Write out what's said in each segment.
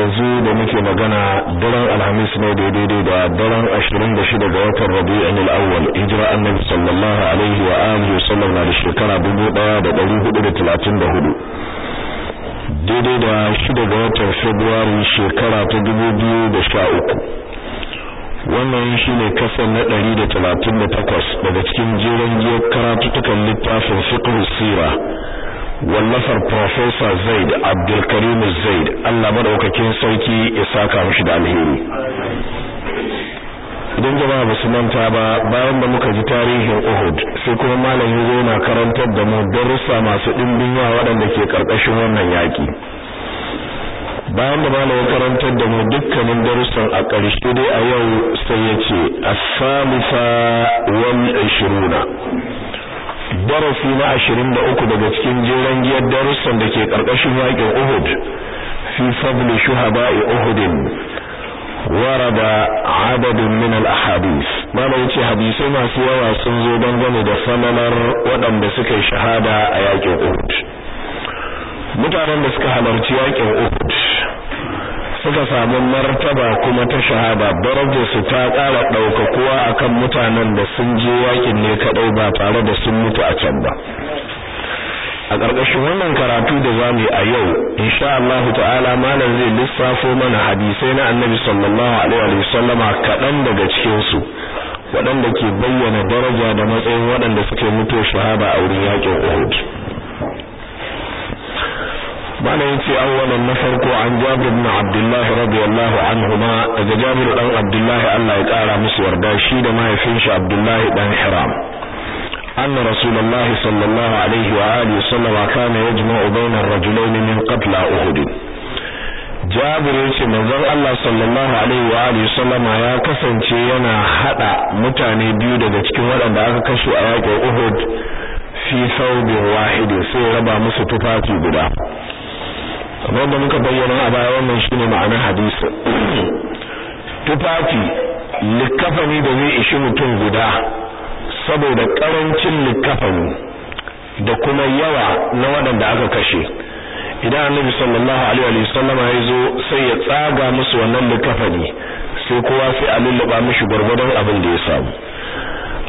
yanzu da muke magana daren alhamis ne da daidai da daren ashirin da 26 ga watan rabi'in al-awwal hijira annabi sallallahu alaihi wa alihi wasallam na da shekara hudu daidai da 6 ga watan february shekara ta dubu biyu da sha uku wannan shi ne kasan na da da talatin takwas daga cikin jerin giyar karatutukan littafin fiqh sirah wallafar Profesa Zaid Abdulkarim Zaid Allah madaukakin sauki ya saka mishi da alheri idan jama'a ba su manta ba bayan da muka ji tarihin Uhud sai kuma ya zo na karantar da mu darussa masu dimbin yawa waɗanda ke ƙarƙashin wannan yaƙi. bayan da ya karantar da mu dukkanin darussan a ƙarshe dai a yau sai ya ce as wani ashiruna. darasi na ashirin da uku daga cikin jeren giyar darussan da ke ƙarƙashin yakin uhud fi fadli shuhada'i uhudin da adadin من الاحاديث ما mana yace hadisai masu yawa sun zo dangane da falalar waɗanda suka yi shahada a yakin Uhud mutanen da suka halarci yakin Uhud suka samu martaba kuma ta shahada darajar su ta kara ƙara kuwa akan mutanen da sun je yakin ne kaɗai ba tare da sun mutu a can ba a ƙarƙashin wannan karatu da zamu yi a yau insha Allah ta'ala malam zai lissafo mana hadisai na Annabi sallallahu alaihi wa sallama kaɗan daga cikin su waɗanda ke bayyana daraja da matsayin waɗanda suke mutu shahada a wurin yakin Uhud malayin ce an awwalan na farko an jabir ibn abdullahi radiyallahu anhuma daga jabir dan abdullahi Allah ya kara musu yarda shi da mahaifin shi abdullahi dan hiram anna rasulullahi sallallahu alaihi wa alihi sallama kana yajma'u bayna ar-rajulayn min qatla uhud jabir yace manzon Allah sallallahu alaihi wa alihi sallama ya kasance yana hada mutane biyu daga cikin waɗanda aka kashe a yaƙin uhud fi saubin wahidin sai raba musu tufafi guda kamar da muka bayyana a baya wannan shine ma'anar hadisi tufafi likafani da zai ishi mutum guda saboda karancin likafani da kuma yawa na waɗanda aka kashe idan annabi sallallahu alaihi wa sallama ya zo sai ya tsaga musu wannan likafani sai kowa sai a lullaba mishi gwargwadon abin da ya samu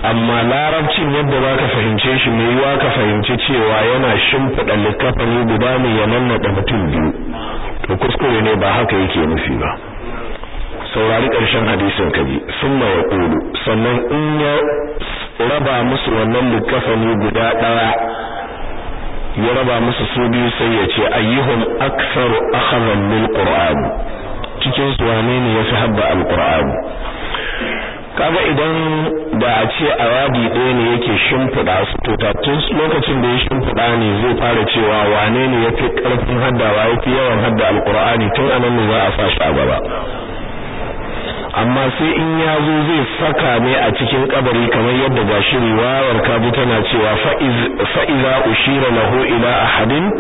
amma larabcin yadda za ka fahimce shi mai yiwa ka fahimci cewa yana shimfiɗa likafani guda ne ya nannaɗa mutum biyu to kuskure ne ba haka yake nufi ba saurari ƙarshen hadisin kaji sun ya ƙulu sannan in ya raba musu wannan likafani guda ɗaya ya raba musu su biyu sai ya ce ayyuhum aktsaru akhadhan lil qur'an cikin su wane ne ya habba al qur'an kaga idan da a ce a wadi ɗaya ne yake shimfiɗa su to tun lokacin da ya shimfiɗa ne zai fara cewa wane ne ya fi ƙarfin haddawa ya fi yawan hadda alƙur'ani tun anan ne za a sa shi a gaba amma sai in ya zo zai saka ne a cikin kabari kamar yadda shi riwayar kabu tana cewa fa'iza ushira lahu ila ahadin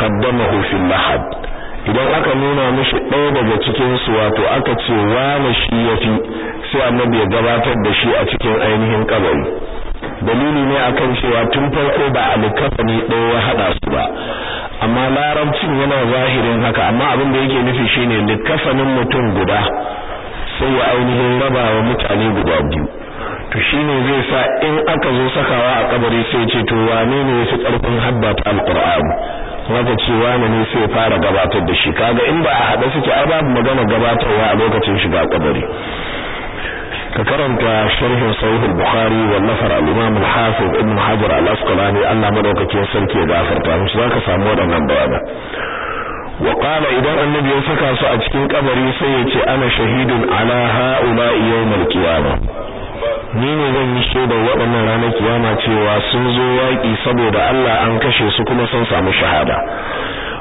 qaddamahu fil lahad idan aka nuna mashi ɗaya daga cikin su wato aka ce wani shi ya fi. sai annabi ya gabatar da shi a cikin ainihin kabari dalili ne akan cewa tun farko ba alkafani ɗaya ya haɗa su ba amma larabcin yana zahirin haka amma abin da yake nufi shine likafanin mutum guda sai ya ainihin raba wa mutane guda biyu to shine zai sa in aka zo sakawa a kabari sai ce to wane ne yafi karfin haddata alqur'ani wanda ce wane ne sai fara gabatar da shi kaga in ba a hada suke ai babu magana gabatarwa a lokacin shiga kabari ka karanta sharhin sahih al-bukhari wallafar al-imam al-hafiz ibn hajar al-asqalani Allah madaukakin sarki ya gafarta musu zaka samu waɗannan bayanan wa qala idan annabi ya saka su a cikin kabari sai ya ce ana shahidun ala haula yawm al-qiyamah ni ne zan yi shaidar waɗannan ranar kiyama cewa sun zo yaƙi saboda Allah an kashe su kuma sun samu shahada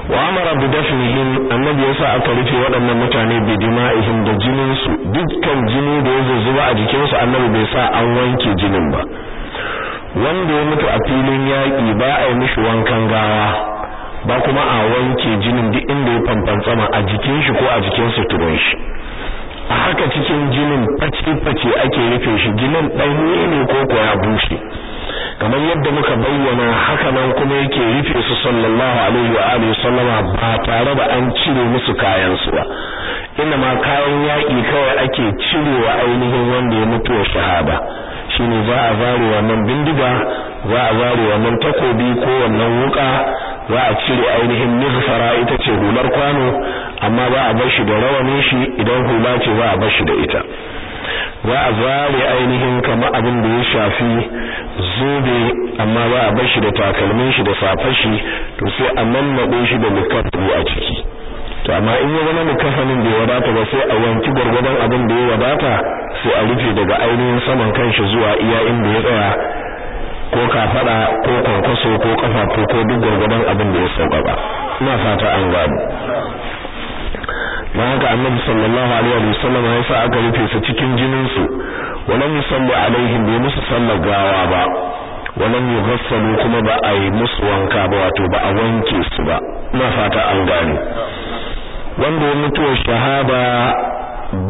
wa amara bi dafnihim annabi yasa aka rufe waɗannan mutane bi dima'ihim da jinin su dukkan jini da ya zuba a jikin su annabi bai sa an wanke jinin ba wanda ya mutu a filin yaƙi ba a yi mishi wankan gawa ba kuma a wanke jinin duk inda ya fanfantsama a jikin shi ko a jikin suturin shi a haka cikin jinin face-face ake rufe shi jinin ɗanye ne ko koya ya bushe kamar yadda muka bayyana haka nan kuma yake rufe su sallallahu alaihi wa alihi sallama ba tare da an cire musu kayan su ba ina ma kayan yaƙi kawai ake cirewa ainihin wanda ya mutu shahada shine za a zare wannan bindiga za a zare wannan takobi ko wannan wuka za a cire ainihin mizfara ita ce hular kwano amma ba a bar shi da rawanin shi idan hula ce za a bar shi da ita za a zare ainihin kama abin da ya shafi zobe amma ba a bar shi da takalmin shi da safar shi to sai a mammaɗe shi da mukafu a ciki to amma in ya zama mukafanin ya wadata ba sai a wanki gwargwadon abin da ya wadata sai a rufe daga ainihin saman kanshi zuwa iya inda ya tsaya ko kafaɗa ko kwankwaso ko kafafu ko duk gwargwadon abin da ya sauƙaƙa ina fata an gano don haka annabi sallallahu alaihi wa sallam ya sa aka rufe su cikin jinin su walam yusalli alaihim bi musu sallar gawa ba walam yughassalu kuma ba a yi musu wanka ba wato ba a wanke su ba ina fata an gane wanda ya mutuwa shahada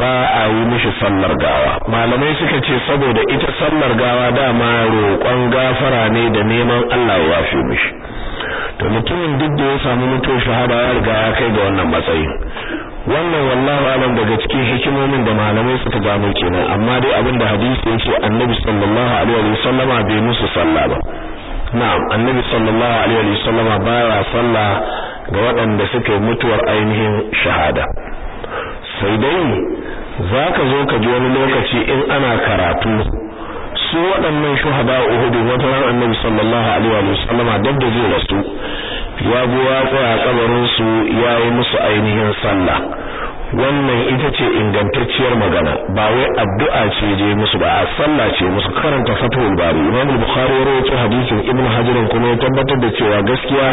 ba a yi mishi sallar gawa malamai suka ce saboda ita sallar gawa dama roƙon gafara ne da neman Allah ya yafe mishi to mutumin duk da ya samu mutuwar shahada ya riga ya kai ga wannan matsayin wannan wallahu alam daga cikin hikimomin da malamai suka gano kenan amma dai abinda hadisi yace annabi sallallahu alaihi wa sallama bai musu sallah ba na'am annabi sallallahu alaihi wa sallama baya sallah ga waɗanda suka yi mutuwar ainihin shahada sai dai zaka zo ka ji wani lokaci in ana karatu su waɗannan shuhada uhudu wata ran annabi sallallahu alaihi wa sallama dab da zai rasu ya go ya tsaya kabarin su ya yi musu ainihin sallah wannan ita ce ingantacciyar magana ba wai addu'a ce je musu ba a sallah ce musu karanta fatul bari imam bukhari ya rawaito hadisin ibnu hajar kuma ya tabbatar da cewa gaskiya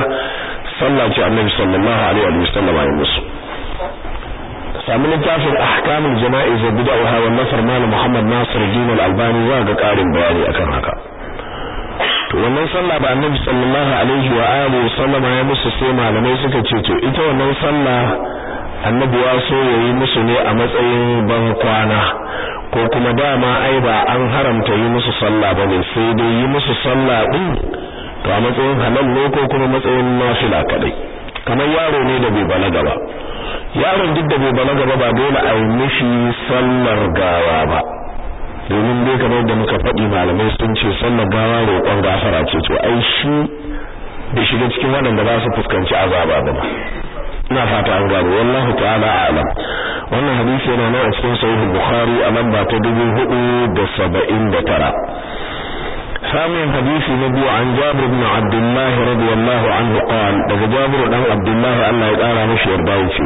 sallah ce annabi sallallahu alaihi wa sallama ya musu sami littafin ahkamul jana'iz bid'aha wa nasr malam Muhammad Nasir Din al-Albani za ga karin bayani akan haka wannan sallah ba annabi sallallahu alaihi wa alihi sallama ya musu sai malamai suka ce to ita wannan sallah annabi ya so yayi musu ne a matsayin ban kwana ko kuma dama ai ba an haramta yi musu sallah bane sai dai yi musu sallah din to a matsayin halal ne ko kuma matsayin nafila kadai kamar yaro ne da bai balaga ba yaron duk da bai balaga ba ba dole a yi mishi sallar gawa ba domin dai kamar da muka faɗi malamai sun ce sallar gawa roƙon gafara ce to ai shi da shiga cikin waɗanda za su fuskanci azaba ba ba ina fata an gano wallahu ta'ala a'lam wannan hadisi yana nan a cikin sahih bukhari a lamba ta dubu tara. samun hadisi na biyu an jabir ibn abdullah radiyallahu anhu qala daga jabir dan Abdullahi Allah ya kara mashi yarda yace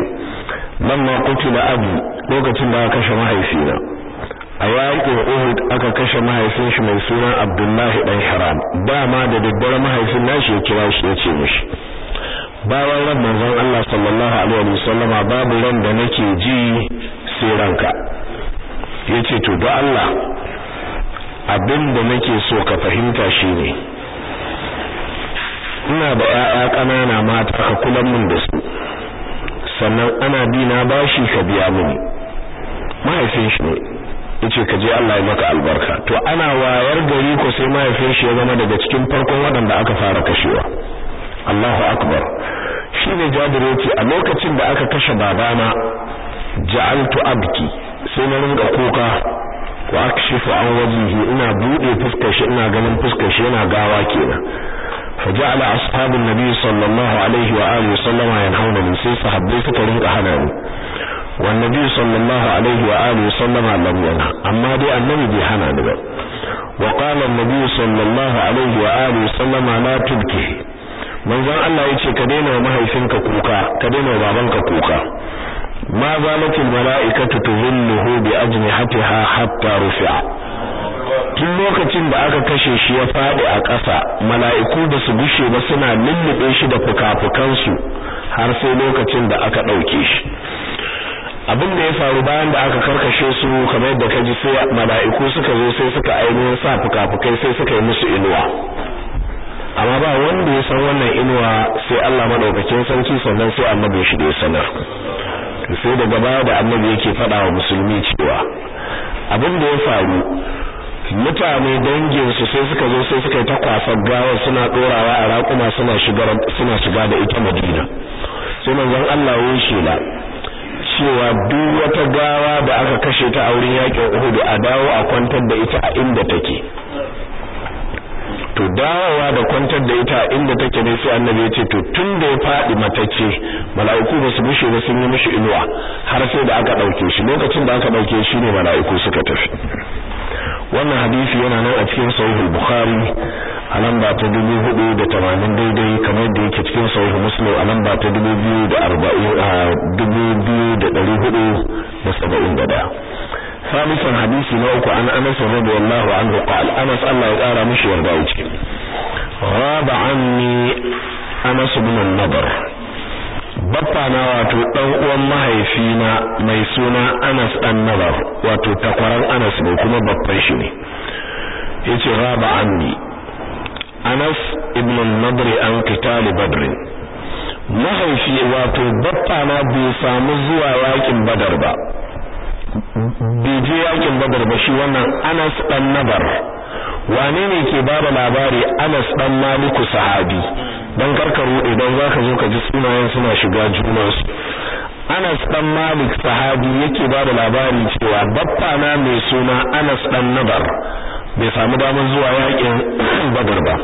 lamma qutila abi lokacin da aka kashe na. a yaƙin Uhud aka kashe mahaifin shi mai suna Abdullahi dan Haram dama da daddare mahaifin nashi ya kira shi yace mishi bayan ran manzon Allah sallallahu alaihi wasallam babu ran da nake ji sai ranka yace to don Allah abinda da nake so ka fahimta shine ina da ƴaƴa ƙanana mata ka kula min da su sannan ana bi na bashi ka biya mini mahaifin shi ne yace ka je Allah ya maka albarka to ana wayar gari ko sai mahaifin shi ya zama daga cikin farkon waɗanda aka fara kashewa Allahu akbar shine Jabir yace a lokacin da aka kashe babana ja'altu abki sai na rinka kuka ko akshifu an wajihi ina bude fuskar shi ina ganin fuskar shi yana gawa kenan faja'ala ashabun nabiy sallallahu alaihi wa alihi sallama yanhauna min sai sahabbai suka rinka hana ni wan nabiy sallallahu alaihi wa alihi sallama lam yana amma dai annabi bai hana ni ba wa qala nabiy sallallahu alaihi wa alihi sallama la tubki manzon Allah yace ka daina mahaifinka kuka ka daina babanka kuka ma zalatil mala'ikatu tuzilluhu bi ha hatta rufi'a tun lokacin da aka kashe shi ya faɗi a ƙasa mala'iku ba su gushe ba suna lullube shi da fukafukansu har sai lokacin da aka ɗauke shi abin da ya faru bayan da aka karkashe su kamar da ka ji sai mala'iku suka zo sai suka ainihin sa fukafukai sai suka yi musu inuwa amma ba wanda ya san wannan inuwa sai Allah maɗaukakin sarki sannan sai annabi shi da ya sanar sai daga baya da annabi yake fada wa musulmi cewa abin da ya faru mutane danginsu sai suka zo sai suka yi takwasan gawa suna dorawa a raƙuma suna suna shiga da ita madina sai manzon Allah ya shela cewa duk wata gawa da aka kashe ta a wurin yakin Uhud a dawo a kwantar da ita a inda take to dawowa da kwantar da ita inda take ne sai annabi ya ce to tun da ya fadi matacce mala'iku ba su bushe ba sun yi mushi inuwa har sai da aka dauke shi lokacin da aka dauke shi ne mala'iku suka tafi wannan hadisi yana nan a cikin sahih bukhari a lamba ta dubu hudu da tamanin daidai kamar da yake cikin sahih muslim a lamba ta dubu biyu da arba'in a da hudu da saba'in salisan hadisi na uku an anas radiyallahu anhu qala anas Allah ya kara mishi yarda a cikin raba anni anas ibn nadar bappa na wato dan uwan mahaifi na mai suna anas dan nadar wato takwaran anas ne kuma babban shi ne yace raba anni anas ibn nadar an qital badr mahaifi wato bappa na bai samu zuwa yakin badar ba bai je yakin badar ba shi wannan anas dan nabar wane ne ke ba da labari anas dan maliku sahabi dan karka rude dan zaka zo ka ji sunayen suna shiga juna junansu anas dan malik sahabi yake ba da labari cewa baffana mai suna anas dan nabar bai samu damar zuwa yakin badar ba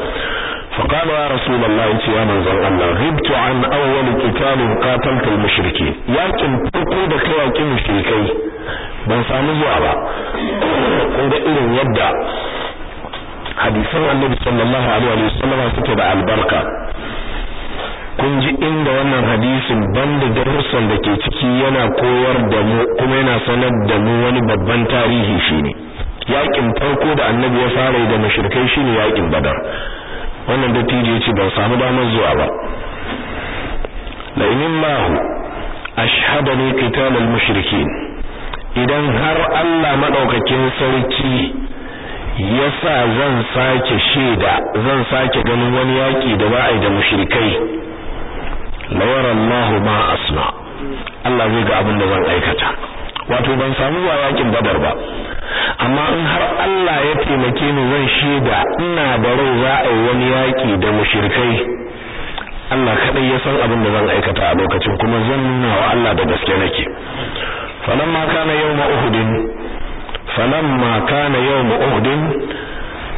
فقال ya رسول الله انت يا من زن الله غبت عن اول قتال قاتلت yakin farko da kai yakin mushrikai ban samu zuwa ba kun ga irin yadda hadisan annabi sallallahu alaihi wa sallam suke da albarka kun ji inda wannan hadisin banda darussan da ke ciki yana koyar da mu kuma yana sanar da mu wani babban tarihi shine yakin farko da annabi ya fara da mushrikai shine yakin badar wannan dattijo ce ban samu damar zuwa ba la in mahu ashhadani qital al mushrikin idan har Allah maɗaukakin sarki ya sa zan sake shaida zan sake ganin wani yaƙi da ba yi da mushirikai lawar Allah ma asma Allah zai ga abin da zan aikata wato ban samu wa yakin badar ba amma in har Allah ya taimake ni zan shaida ina da za a yi wani yaki da mushrikai Allah kadai ya san abin da zan aikata a lokacin kuma zan nuna wa Allah da gaske nake falamma kana yawma uhudin falamma kana yawma uhudin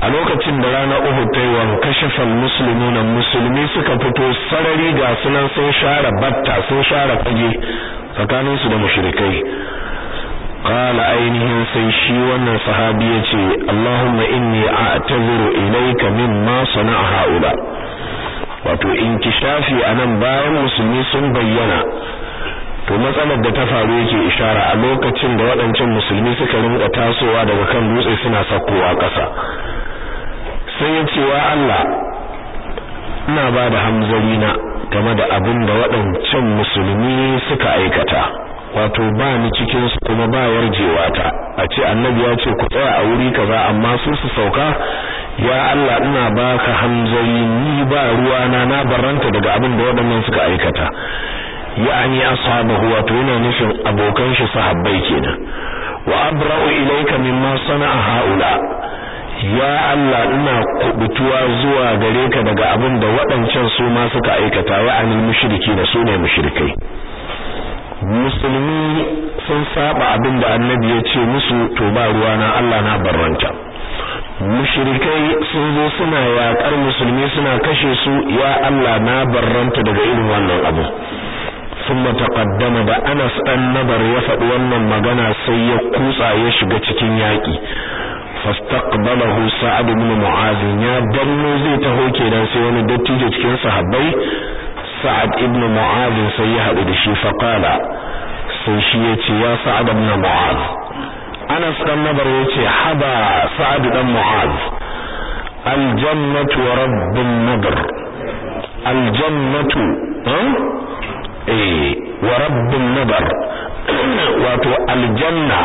a lokacin da rana Uhud ta yi wankashafal musulmuna musulmi suka fito sarari ga sunan sun share batta sun share fage tsakaninsu da mushrikai qala ainihin sai shi wannan sahabi yace Allahumma inni a'taziru ilayka mimma sana'a haula wato inkishafi nan bayan musulmi sun bayyana to matsalar da ta faru yake ishara a lokacin da waɗancan musulmi suka rinka tasowa daga kan dutse suna sakkowa ƙasa sai ya ce wa Allah ina ba da hamzari na game da abin da waɗancan musulmi suka aikata wato ba ni cikin su kuma ba warjewa a ce annabi ya ce ku tsaya a wuri kaza amma su su sauka ya Allah ina baka hanzari ni ba ruwa na na barranta daga abin da waɗannan suka aikata ya'ani ashabahu wato yana nufin abokan shi sahabbai kenan wa abra'u ilayka mimma sana'a haula ya Allah ina kubutuwa zuwa gare ka daga abin da waɗancan su ma suka aikata ya'ani mushriki da su ne mushrikai musulmi sun saba abin da annabi ya ce musu to ba ruwa na Allah na barranta mushrikai sun zo suna yaƙar musulmi suna kashe su ya Allah na barranta daga irin wannan abu ثم taqaddama da Anas dan Nabar ya faɗi wannan magana sai ya kutsa ya shiga cikin yaƙi fastaqbalahu Sa'ad ibn Mu'az ya danno zai taho kenan sai wani dattijo cikin sahabbai sa'ad ibn mu'az sai ya haɗu da shi faqala sai shi yace ya sa'ad ibn mu'az anas dan nabar yace haba sa'ad dan mu'az aljannatu wa rabbun nadr aljannatu eh? eh wa rabbun nadr wato aljanna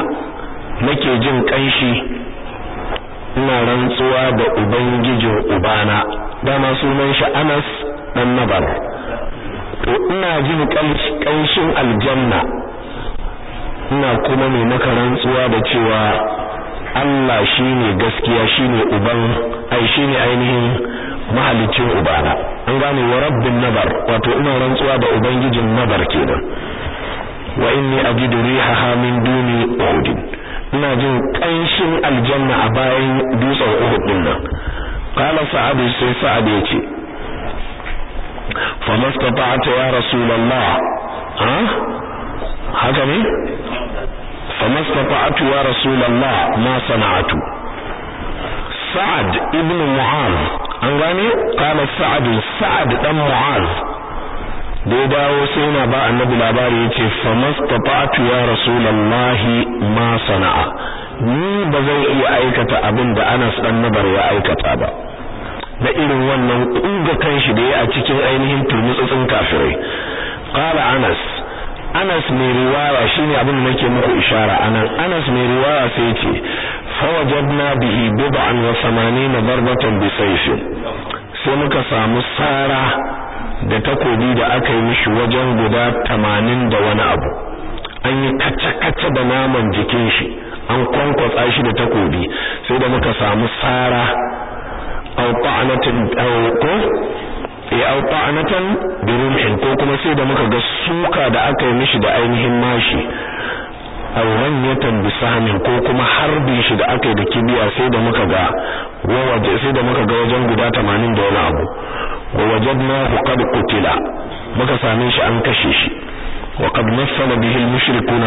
nake jin kanshi ina rantsuwa da ubangijin ubana dama sunan shi Anas dan Nabar to ina jin ƙanshin aljanna ina kuma mai maka rantsuwa da cewa Allah shine gaskiya shine uban ai ne ainihin mahalicin ubana an gane wa rabbin nabar wato ina rantsuwa da ubangijin nabar kenan wa inni ajidu rihaha min duni uhud ina jin ƙanshin aljanna a bayan dutsen uhud din nan qala sa'adu sai sa'ad yace fa ya rasulullah ha haka ne fa ya rasulullah ma sana'atu sa'ad ibn mu'az an gane kana sa'ad sa'ad dan mu'az da ya dawo sai yana ba annabi labari yace fa mastata'tu ya rasulullah ma sana'a ni ba zan iya aikata abin da Anas dan Nabar ya aikata ba na irin wannan kuga kanshi da ya a cikin ainihin turmutsutsun kafirai qala anas anas mai riwaya shine abin da nake muku ishara anan anas mai riwaya sai yace fa wajadna bihi bid'an wa samanina darbatan bi sayfin sai muka samu sara da takobi da aka yi mishi wajen guda tamanin da wani abu an yi kacce kacce da naman jikin shi an kwankwatsa shi da takobi sai da muka samu sara aw ta'anatan aw ko ya ko kuma sai da muka ga suka da aka yi mishi da ainihin mashi aw ranyatan bi sahmin ko kuma harbin shi da aka yi da kibiya sai da muka ga waje sai da muka ga wajen guda 80 da wani abu wa wajadnahu qad qutila muka same shi an kashe shi وقد مثل به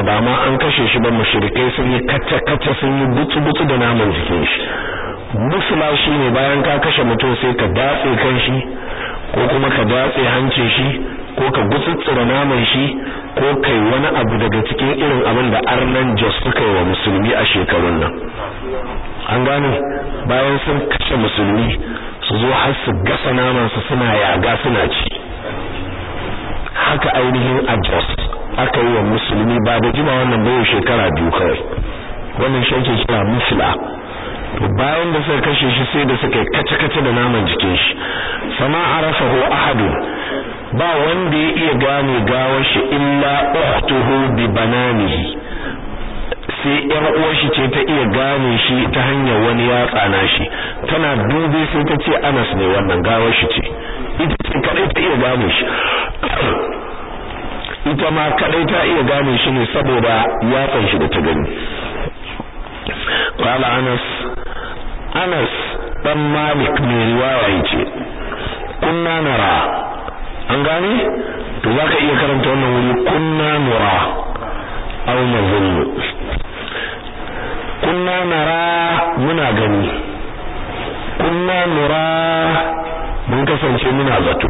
ba ma an kashe shi ba mushrikai sun yi kacce kacce sun yi butu butu da naman jikin shi musula shi ne bayan ka kashe mutum sai ka datse kan shi ko kuma ka datse hancin shi ko ka gutsutsura naman shi ko kai wani abu daga cikin irin abin da arnan jos suka yi wa musulmi a shekarun nan an gane bayan sun kashe musulmi su zo har su gasa naman su suna yaga suna ci haka ainihin a jos aka yi wa musulmi ba da jima wannan bayan shekara biyu kawai wannan shi ake kira musula to bayan da suka kashe shi sai da suka kace kace da naman jikin shi sama arafahu ahadu ba wanda ya iya gane gawar shi illa uhtuhu bi bananihi sai yar uwar shi ce ta iya gane shi ta hanyar wani ya tsana shi tana dubi sai ta ce Anas ne wannan gawar shi ce ita ce kadai ta iya gane shi ita ma kadai ta iya gane shi ne saboda yatsan shi da ta gani qala anas anas dan malik mai riwaya yace kunna nara an gane to zaka iya karanta wannan wuri kunna nara aw muna gani kunna mun kasance muna zato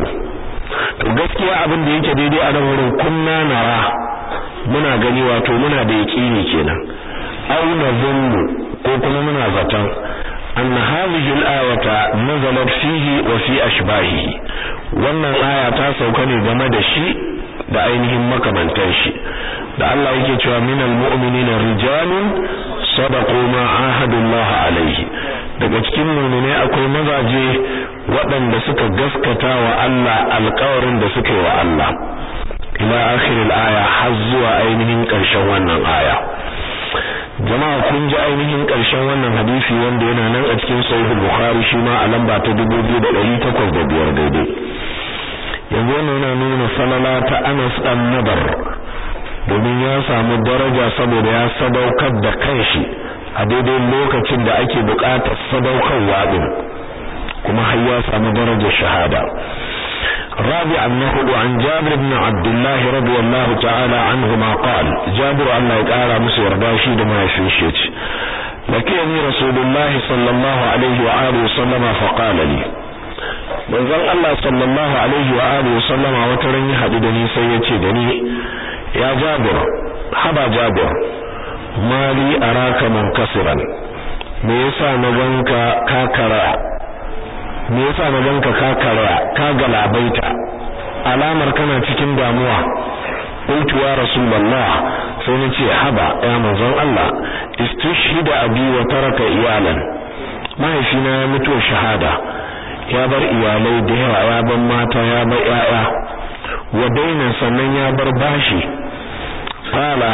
to gaskiya abin da yake daidai a nan wurin kunna muna gani wato muna da yaƙini kenan aina nazunnu ko kuma muna zaton anna hadhihi al-ayata nazalat fihi wa fi ashbahi wannan aya ta sauka ne game da shi da ainihin makamantan shi da Allah yake cewa minal mu'minina rijalun sadaqu ma Allah alaihi daga cikin mu'mini akwai mazaje waɗanda suka gaskata wa Allah alƙawarin da suka wa Allah ila akhir al-aya har zuwa ainihin ƙarshen wannan aya jama'a kun ji ainihin ƙarshen wannan hadisi wanda yana nan a cikin sahihul bukhari shi ma a lamba ta 2805 daidai yanzu wannan yana nuna salala ta Anas dan Nadar domin ya samu daraja saboda ya sadaukar da kanshi a daidai lokacin da ake buƙatar sadaukarwa din kuma har ya samu darajar shahada رابعا نهد عن جابر بن عبد الله رضي الله تعالى عنهما قال جابر أن يتعالى مسير باشيد ما يشيش لكيني رسول الله صلى الله عليه وآله وسلم فقال لي من ذن الله صلى الله عليه وآله وسلم وترني حددني سيتي دني يا جابر حبا جابر ما لي أراك منكسرا ميسا نظنك كاكرا me yasa na ganka ka karaya ka galabaita alamar kana cikin damuwa qultu ya rasulullah sai na ce haba ya manzon Allah istishhida abi wa taraka iyalan mahaifina ya mutu shahada ya bar iyalai da yawa ya bar mata ya bar yaya wa daina sannan ya bar bashi qala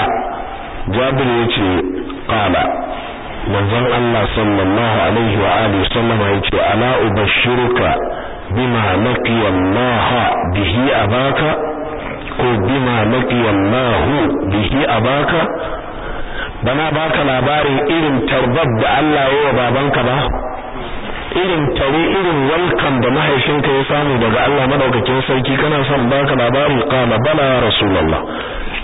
jabir yace qala manzon Allah sallallahu alaihi wa alihi sallama yace ala ubashiruka bima laqiya Allah bihi abaka ko bima laqiya Allah bihi abaka bana baka labarin irin tarbab da Allah ya babanka ba irin tare irin walkan da mahaifinka ya samu daga Allah madaukakin sarki kana son baka labarin qala bala rasulullah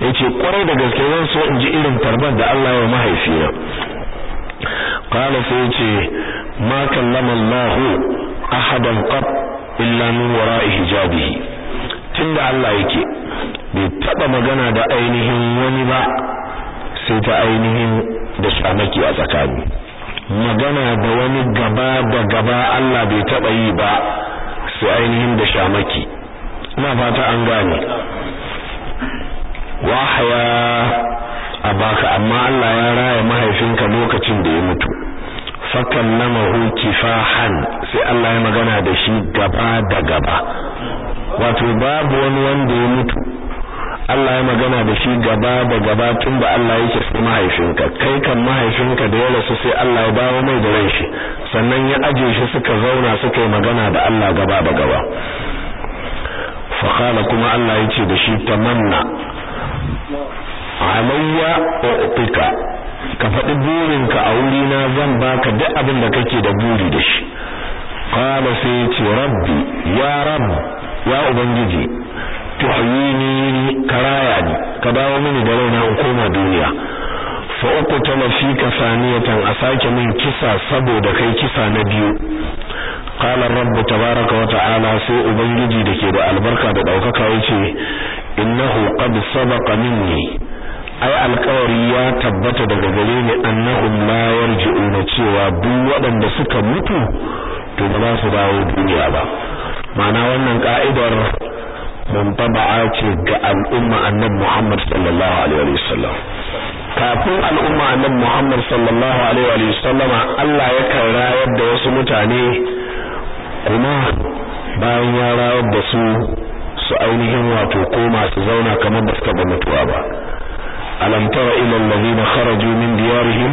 yace kwarai da gaske zan so in ji irin tarbab da Allah ya mahaifina qala sai yace ma kallama Allah ahadan qat illa min wara'i hijabihi tunda Allah yake bai taba magana da ainihin wani ba sai ta ainihin da shamaki a tsakani magana da wani gaba da gaba Allah bai taɓa yi ba sai ainihin da shamaki ina fata an gane wahaya a baka amma Allah ya raya mahaifinka lokacin da ya mutu fakallamahu kifahan sai Allah ya magana da shi gaba da gaba wato babu wani wanda ya mutu Allah ya magana da shi gaba da gaba tun ba Allah yake sai mahaifinka kai kan mahaifinka da ya rasu sai Allah ya dawo mai da rai shi sannan ya aje shi suka zauna suka yi magana da Allah gaba da gaba fa kuma Allah yace da shi tamanna alayya wa ka faɗi burinka a wuri na zan baka duk abin da kake da buri da shi qala sai ya ce rabbi ya rabb ya ubangiji tuhyini karaya ni ka dawo mini da raina in koma duniya fa ka fika saniyatan a sake min kisa saboda kai kisa na biyu qala rabbu tabaaraka wa ta'ala sai ubangiji dake da albarka da daukaka yace innahu qad sabaqa minni ai alkawari ya tabbata daga gare ni annahum la yarji'una cewa duk waɗanda suka mutu to ba su dawo duniya ba ma'ana wannan ka'idar muntaba'a ce ga al'umma annabi Muhammad sallallahu alaihi sallam kafin al'umma annabi Muhammad sallallahu alaihi wasallam Allah ya rayar da wasu mutane kuma bayan ya rayar da su su ainihin wato koma su zauna kamar da suka taɓa mutuwa ba ألم تر إلى الذين خرجوا من ديارهم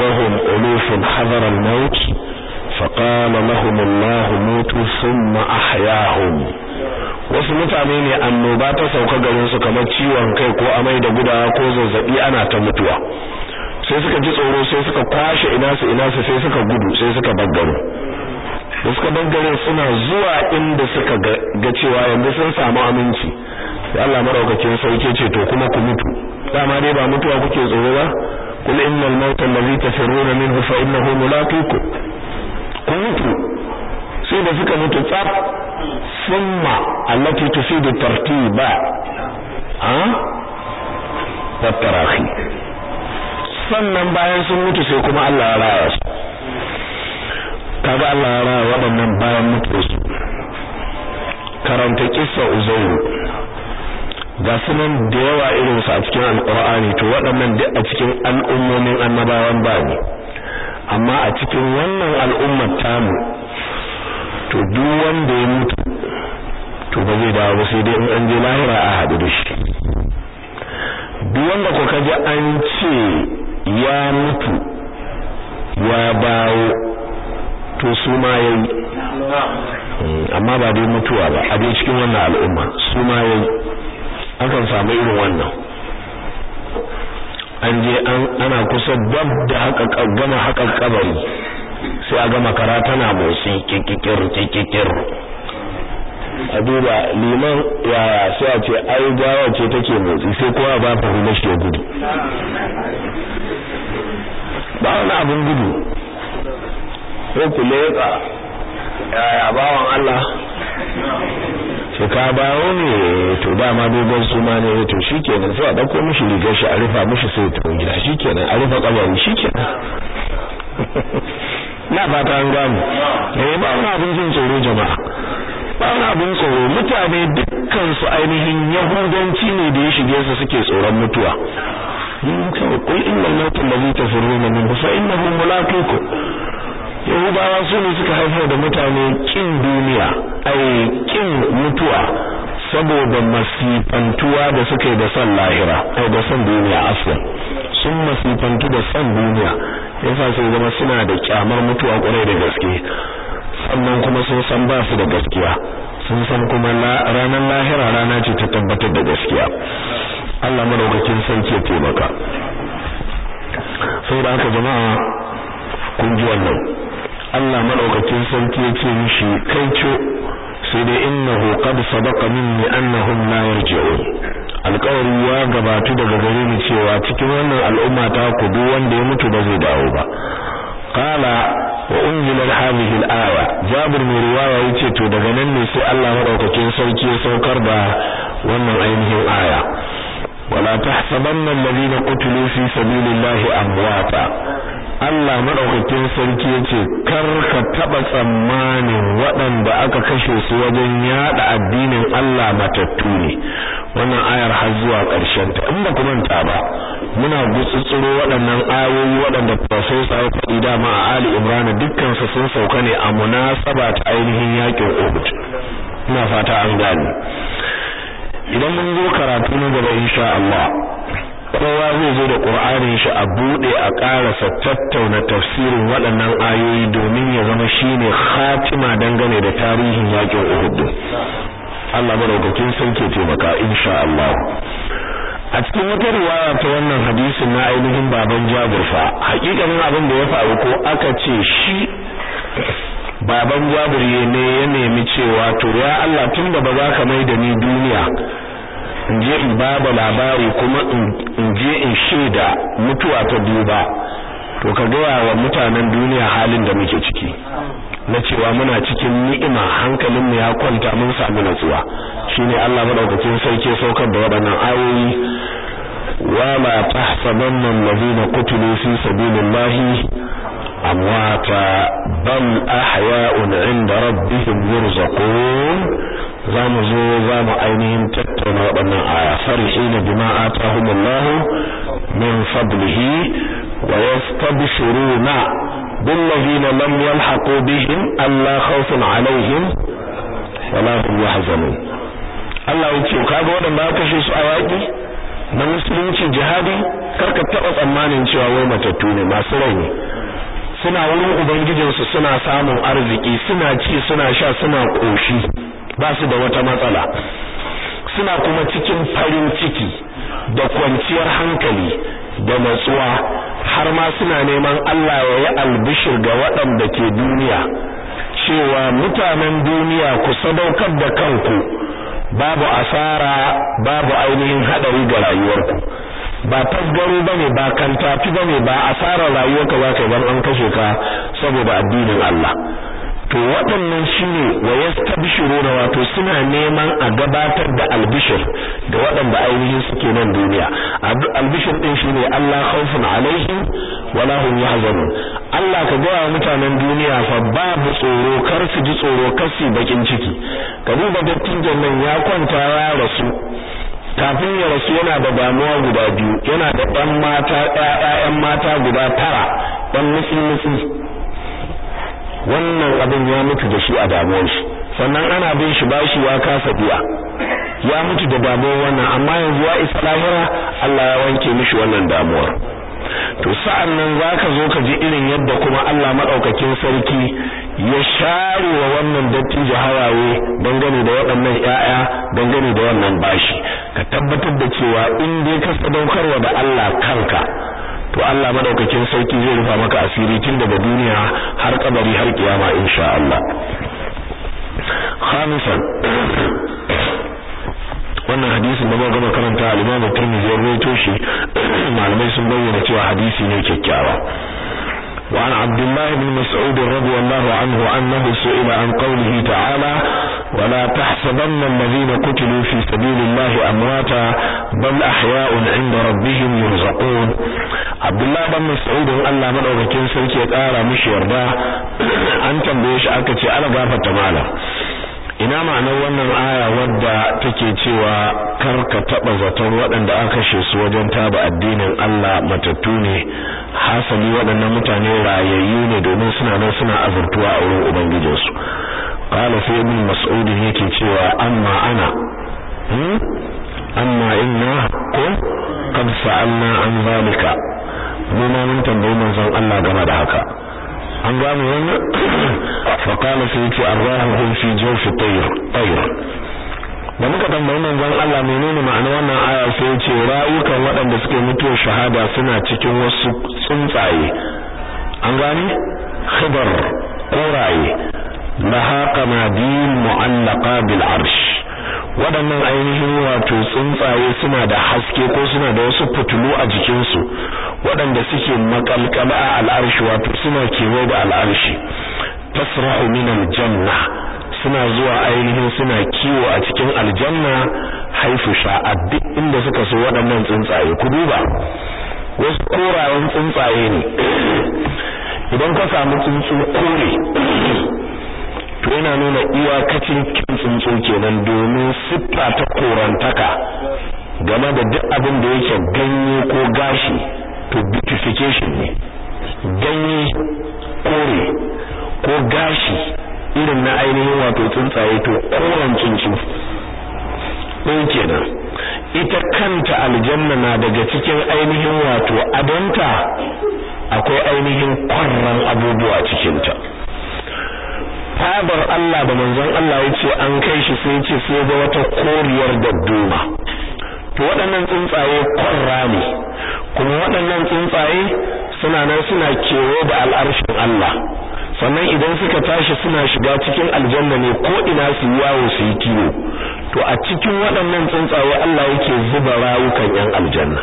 وهم ألوف حذر الموت فقال لهم الله موت ثم أحياهم wasu mutane ne annoba ta sauka garin su kamar ciwon kai ko amai da gudawa ko zazzabi ana ta mutuwa sai suka ji tsoro sai suka kwashe ina su ina su sai suka gudu sai suka bangare. da suka bangare suna zuwa inda suka ga cewa yanzu sun samu aminci Allah maraukakin sauke ce to kuma ku mutu dama dai ba mutuwa kuke tsoro ba kul innal mauta allazi tafiruna minhu fa innahu mulaqiku ku mutu sai da suka mutu tsaf summa allati tufidu tartiba ha tattarahi sannan bayan sun mutu sai kuma Allah ya raya su kaga Allah ya raya waɗannan bayan mutuwarsu karanta kissa uzairu ga nan da yawa irin su a cikin alqur'ani to waɗannan duk a cikin al'ummomin annabawan ba ne amma a cikin wannan al'ummar tamu to duk wanda ya mutu to ba zai dawo ba sai dai in an je lahira a haɗu da shi duk wanda ko ji an ce ya mutu ya bawo to su ma yayi hmm, amma ba dai mutuwa ba a cikin wannan al'umma su ma yayi akan samu irin wannan an je ana kusa dab da haka gama haka kabari sai a gama kara tana motsi kikikir kikikir a duba liman yaya sai a ce ai gawa ce take motsi sai kowa ba ta na shi gudu ba wani abin gudu ko ku leka yaya bawan Allah sai ka bawo ne to dama dogon suma ne to shikenan sai a ɗauko mishi rigar shi a rufa mishi sai ta gida shikenan a rufa kabari shikenan na fata an gamu eh ba wani abin jin tsoro jama'a ba wani abin tsoro mutane dukkan su ainihin yahudanci ne da ya shige su suke tsoron mutuwa in da zai tafi mautul ladhi tafirruna minhu fa innahu mulaqikum yahudawa su ne suka haifar da mutane kin duniya ai kin mutuwa saboda masifantuwa da suka yi da san lahira ai da son duniya aslan sun masifantu da san duniya yasa sai zama suna da kyamar mutuwa kwarai da gaske sannan kuma sun san ba su da gaskiya sun san kuma ranar lahira rana ce ta tabbatar da gaskiya Allah madaukakin san ya taimaka da aka jama'a kun ji wannan Allah madaukakin sarki yace mishi kai ce sai dai innahu qad sabaqa minni annahum la yarji'un alƙawari ya gabatu daga gare ni cewa cikin wannan al'umma ta ku duk wanda ya mutu ba zai dawo ba qala wa unzila hadhihi al-aya jabir mai riwaya yace to daga nan ne sai Allah madaukakin sarki ya saukar da wannan ainihin aya wala tahsabanna alladhina qutilu fi sabilillahi amwata Allah madaukakin sarki yace kar ka taɓa tsammanin waɗanda aka kashe su wajen yada addinin Allah matattu ne wannan ayar har zuwa ƙarshen ta in ba ku manta ba muna gutsutsuro waɗannan ayoyi waɗanda professor ya faɗi dama a Ali Imran dukkan su sun sauka ne a munasaba ta ainihin yakin Uhud ina fata an gane idan mun zo karatu na gaba insha Allah kowa zai zo da qur'anin shi a bude a karasa tattauna tafsirin waɗannan ayoyi domin ya zama shine khatima dangane da tarihin yaƙin Uhud Allah madaukakin sarki taimaka insha Allah a cikin wata riwaya ta wannan hadisin na ainihin baban Jabir fa hakikanin abin da ya faru ko aka ce shi baban Jabir ne ya nemi cewa to ya Allah tunda ba za ka mai da ni duniya in je in ba da labari kuma in je in shaida mutuwa ta biyu ba to ka gaya wa mutanen duniya halin da muke ciki na cewa muna cikin ni'ima hankalinmu ya kwanta mun samu natsuwa shine Allah madaukakin sarki saukar da wadannan ayoyi ma tahsabanna alladhina qutilu fi sabilillahi amwata bal ahya'un 'inda rabbihim yurzaqun zamu zo zamu ainihin tattauna waɗannan aya farihina bima atahumullahu min fadlihi wa yastabshiruna bil ladina lam yalhaqu bihim alla khawfun alaihim wala hum yahzanun Allah yake kaga waɗanda aka kashe su a yaƙi na musulunci jihadi karka taɓa tsammanin cewa wai matattu ne masu rai suna wurin ubangijinsu suna samun arziki suna ci suna sha suna ƙoshi ba su da wata matsala suna kuma cikin farin ciki da kwanciyar hankali da natsuwa har ma suna neman Allah ya yi albishir ga waɗanda ke duniya cewa mutanen duniya ku sadaukar da kanku babu asara babu ainihin haɗari ga rayuwarku ba tasgaro ne ba kantafi fi ba asarar rayuwarka za ka yi an kashe ka saboda addinin Allah to waɗannan ne wa da wato suna neman a gabatar da albishir da waɗanda ainihin suke nan duniya albishir ɗin shi ne Allah khawfun alaihim wala hum yahzanun Allah ka gaya mutanen duniya fa babu tsoro kar su ji tsoro kar su bakin ciki ka duba dattin nan ya kwanta ya rasu kafin ya rasu yana da damuwa guda biyu yana da ɗan mata ɗaya mata guda tara ɗan musulmusi wannan abin ya mutu da shi a damuwar shi sannan ana bin shi bashi ya kasa biya ya mutu da damuwar wannan amma yanzu ya isa lahira Allah ya wanke mishi wannan damuwar to sa'an nan zaka zo ka ji irin yadda kuma Allah madaukakin sarki ya share wa wannan dattijo harawe dangane da waɗannan ƴaƴa dangane da wannan bashi ka tabbatar da cewa in dai ka sadaukarwa da Allah kanka to Allah madaukakin sauki zai rufa maka asiri tun daga duniya har kabari har kiyama insha Allah khamisan wannan hadisin da muka karanta al-Imam Tirmidhi ya rawaito shi malamai sun bayyana cewa hadisi ne kyakkyawa وعن عبد الله بن مسعود رضي الله عنه أنه سئل عن قوله تعالى ولا تحسبن الذين قتلوا في سبيل الله أمواتا بل أحياء عند ربهم يرزقون عبد الله بن مسعود الله من أغكين سلكي أتارى مش يرضاه أنت بيش أكتي أنا غافة مالا ina ma'anar wannan aya wadda take cewa kar ka taba zaton waɗanda aka kashe su wajen taba addinin Allah matattu ne hasali waɗannan mutane rayayyu ne domin suna nan suna azurtuwa a wurin ubangijinsu qala sai ibn mas'ud yake cewa amma ana hmm? amma inna ko qad sa'alna an zalika nuna mun tambayi manzon Allah game da haka an gano wannan fa qala sai yace arwahum fi jawfi tayr tayr da muka tambayi manzon Allah menene ma'ana wannan aya sai ce ra'ukan waɗanda suke mutuwar shahada suna cikin wasu tsuntsaye an gane khibar koraye laha qanabil mu'allaqa bil arsh waɗannan ainihin wato tsuntsaye suna da haske ko suna da wasu fitilu a jikinsu waɗanda suke makalkala a al'arshi wato suna kewaye da al'arshi tasrahu min aljanna suna zuwa ainihin suna kiwo a cikin aljanna haifu sha'a duk inda suka so waɗannan tsuntsaye ku duba wasu korayen tsuntsaye ne idan ka samu tsuntsu kore to yana nuna iyakacin kin tsuntsu kenan domin siffa ta korantaka game da duk abin da yake ganye ko gashi to beautification ne ganye kore ko gashi irin na ainihin wato tsuntsaye to koren tsuntsu ɗin kenan ita kanta aljanna na daga cikin ainihin wato adonta akwai ainihin kwarran abubuwa cikinta azabar Allah da manzon Allah ya ce an kai shi sai ce sai ga wata koriyar dabba to waɗannan tsuntsaye kwarra ne kuma waɗannan tsuntsaye suna nan suna kewo da al'arshin Allah sannan idan suka tashi suna shiga cikin aljanna ne ko ina su yawo su yi kiwo to a cikin waɗannan tsuntsaye Allah yake zuba rayukan yan aljanna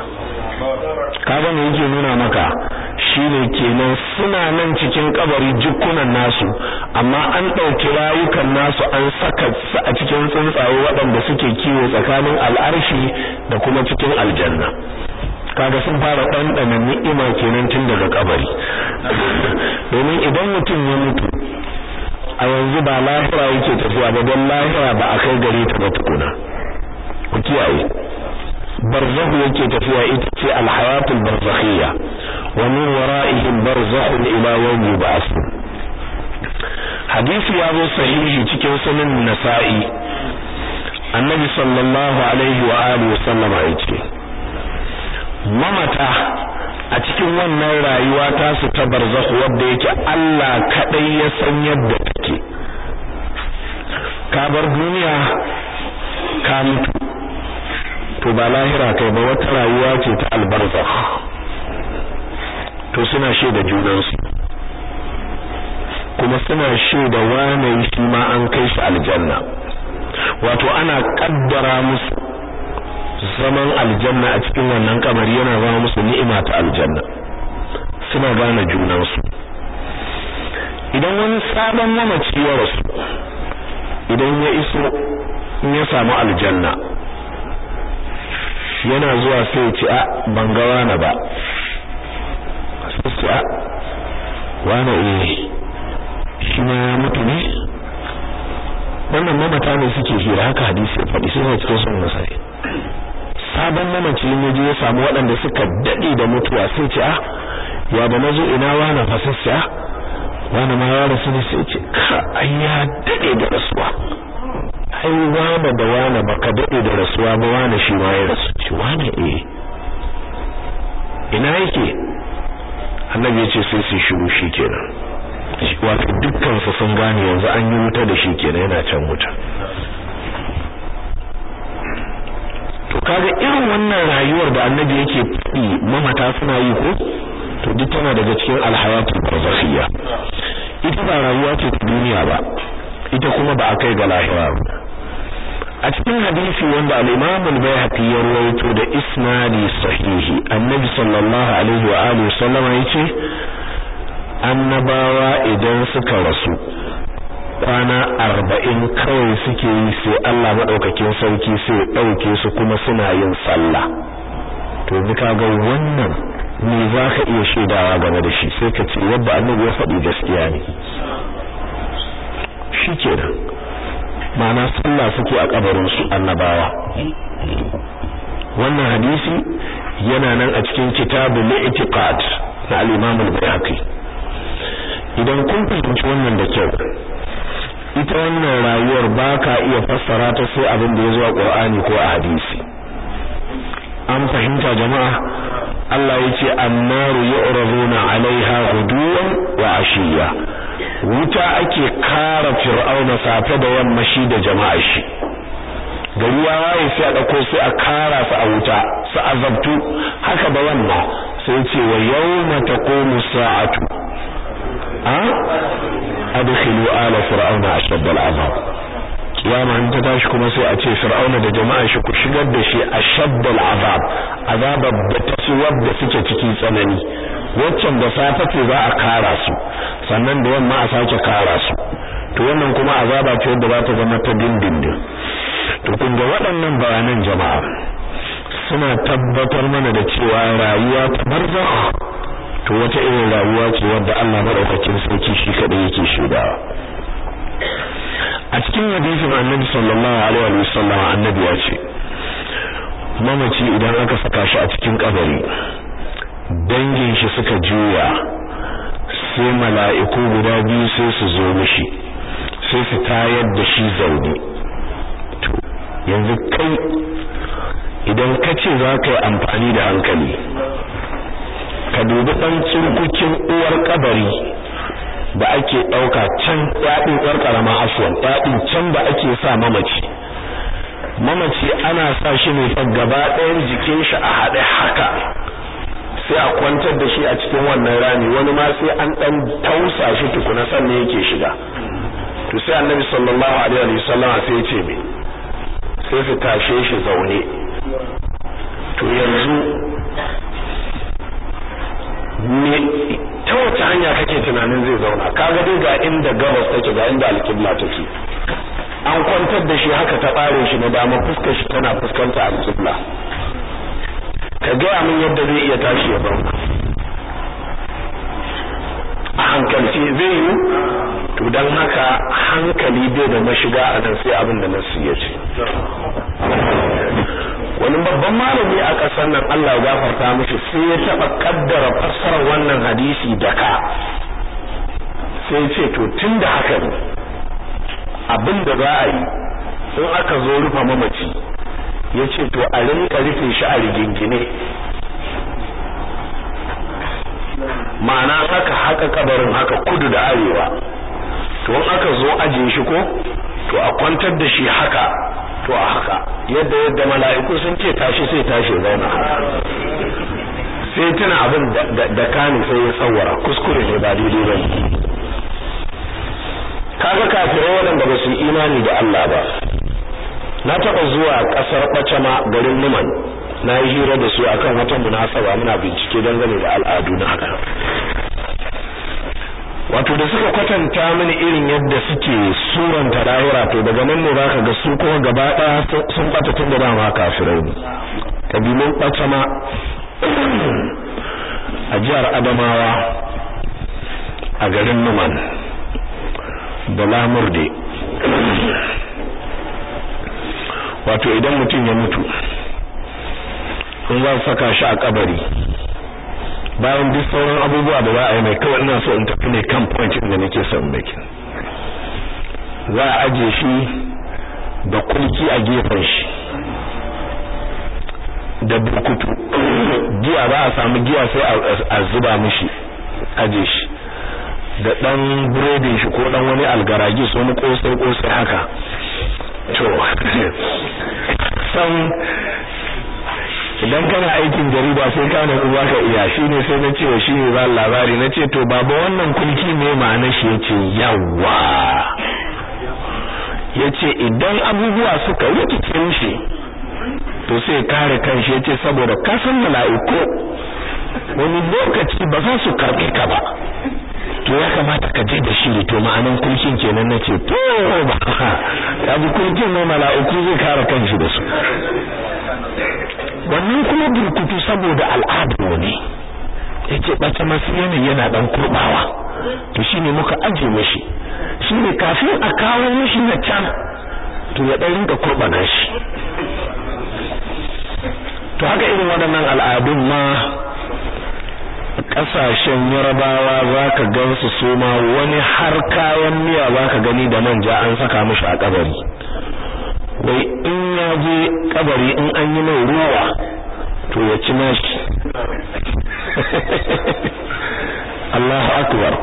kaga me yake nuna maka shine kenan suna nan cikin kabari jukunan nasu amma an ɗauki rayukan nasu an saka su a cikin tsuntsaye waɗanda suke kiwo tsakanin al'arshi da kuma cikin aljanna kaga sun fara ɗanɗana ni'ima kenan tun daga kabari domin idan mutum ya mutu a yanzu ba lahira yake tafiya ba don lahira ba a kai gare ta ba tukuna ku kiyaye barzakh yake tafiya ita ce alhayatul barzakhiyya wa min wara'ihim barzakhun ila yawm yub'ath hadisi ya zo sahihi cikin sunan nasa'i annabi sallallahu alaihi wa alihi sallama yace mamata a cikin wannan rayuwa ta su ta barzakh wanda yake Allah kadai ya san yadda take ka bar duniya ka mutu to ba lahira kai ba wata rayuwa ce ta albarza to suna da junansu kuma suna da wane shi ma an kai shi aljanna wato ana kaddara musu zaman aljanna a cikin wannan kabari yana zama musu ni'ima ta aljanna suna gane junansu idan wani sabon mamaci ya rasu idan ya iso ya samu aljanna yana zuwa sai ya ce a ban ga wani ba sai a wani eh shi ma ya mutu ne wannan mamata ne suke hira haka hadisi ya faɗi sai cikin sun musai sabon mamaci ne je ya samu waɗanda suka daɗe da mutuwa sai ce a ya ba mazo ina wani fasassa wani ma ya rasu ne sai ce ka ayya ya daɗe da rasuwa ai wane da wane ba ka daɗe da rasuwa ba wane shi ma ya rasu ci wane eh ina yake annabi ya sai su shiru shi kenan wato dukkansu sun gane yanzu an yi wuta da shi kenan yana can wuta to kaga irin wannan rayuwar da annabi yake faɗi mamata suna yi ko to duk tana daga cikin alhayatul barzakhiya ita ba rayuwa ce ta duniya ba ita kuma ba a kai ga lahira ba a cikin hadisi wanda al-Imam al bayhaqi ya rawaito da isnadi sahihi annabi sallallahu alaihi wa alihi ya yace annabawa idan suka rasu kwana arba'in kawai suke yi sai Allah madaukakin sarki sai dauke su kuma suna yin sallah to duka ga wannan za zaka iya shedawa game da shi sai ka ce yadda annabi ya faɗi gaskiya ne Shi shikenan ma'ana sallah suke a kabarin su annabawa wannan hadisi yana nan a cikin kitabul i'tiqad na al-Imam al-Bayhaqi idan kun fahimci wannan da kyau ita wannan rayuwar baka iya fassara ta sai abin da ya a Qur'ani ko a hadisi an fahimta jama'a Allah yace annaru yu'raduna 'alayha ghuduwan wa 'ashiyya wuta ake kara fir'auna safe da yamma shi da jama'a shi gari ya waye sai a ɗauko sai a kara su a wuta su azabtu haka da wanda sai ce wa yawma taqumu sa'atu a adkhilu ala fir'auna ashad al'azab kiyama in ta tashi kuma sai a ce fir'auna da jama'a shi ku shigar da shi ashad azab, azaba da ta da suke cikin tsanani waccan da safa ce za a kara su sannan da yamma a sake kara su to wannan kuma azaba ce wadda za ta zama ta dindindin to kun ga waɗannan bayanan jama'a suna tabbatar mana da cewa rayuwa ta barza to wata irin rayuwa ce wadda Allah madaukakin sarki shi kada yake shudawa a cikin hadisin annabi sallallahu alaihi wasallam annabi ya ce mamaci idan aka saka shi a cikin kabari dangin shi suka juya sai mala'iku guda biyu sai su zo mishi sai su tayar da shi zaune yanzu kai idan ka ce za ka yi amfani da hankali ka dubi ɗan tsurkukin uwar kabari da ake ɗauka can yaɗin ɗan ƙarama aswan yaɗin can da ake sa mamaci mamaci ana sa shi ne fa gaba ɗayan jikin shi a haɗe haka sai a kwantar da shi a cikin wannan rami wani ma sai an dan tausa shi tukuna sannan yake shiga to sai annabi sallallahu alaihi wa sallam sai ya ce me sai su tashe shi zaune to yanzu me ta wace hanya kake tunanin zai zauna kaga dai ga inda gabas take ga inda alƙibla take an kwantar da shi haka ta bare shi na dama fuskar shi tana fuskanta alƙibla ka gaya min yadda zai iya tashi ya bar a hankalci zai yi to don haka hankali bai da mashiga a nan sai abin da na ya ce wani babban malami a ƙasar nan Allah ya gafarta mishi sai ya taɓa kaddara fassarar wannan hadisi da ka sai ce to tun da haka ne abin da za a yi sun aka zo rufa mamaci ya ce to a rinka rufe shi a rigingine ma'ana haka haka kabarin haka kudu da arewa to in aka zo ajin shi ko to a kwantar da shi haka to a haka yadda yadda mala'iku sun ce tashi sai tashi zauna sai tuna abin da kani sai ya tsawara kuskure ne ba daidai ba ne. kaga kafirai waɗanda ba su imani da Allah ba na taɓa zuwa ƙasar ɓacama garin numan na yi hira da su akan wata munasaba muna bincike dangane da al'adu na haka wato da suka kwatanta mini irin yadda suke suranta lahira to daga nan ne baka ga su kuma gaba sun bata tun da dama kafirai ne kabilun bacama a jihar adamawa a garin numan da lamurde wato idan mutum ya mutu in zan saka shi a kabari bayan duk sauran abubuwa da za a yi mai kawai ina so in tafi ne kan pointin da nake son make za a aje shi da kulki a gefen shi da bukutu giya za a samu giya sai a zuba mishi aje shi da dan buredin shi ko dan wani algaragi so mu kosai kosai haka to san idan kana aikin jariba sai ka nan uwa ka iya ne sai na cewa shi ne ba labari na ce to baba wannan kulki ne ma'ana shi yace yawa ce idan abubuwa suka rikice shi to sai kare kanshi ce saboda kasan mala'iku wani lokaci ba za su karɓi ka ba to ya kamata ka je da shiri to ma'anan kulkin kenan nace to ba ka bi kulkin ne mala'iku zai kare kanshi da su wannan kuma burkutu saboda al'adu ne yace bace masu yanayi yana dan kurbawa to shine muka aje mishi shine kafin a kawo mishi na can to ya dan rinka kurbana shi to haka irin waɗannan al'adun ma kasashen yarabawa za ka gansu suma wani har kayan miya za ka gani da manja an saka mashi a kabari wai in ya je kabari in an yi mai ruwa to ya ci nashi Allahu akbar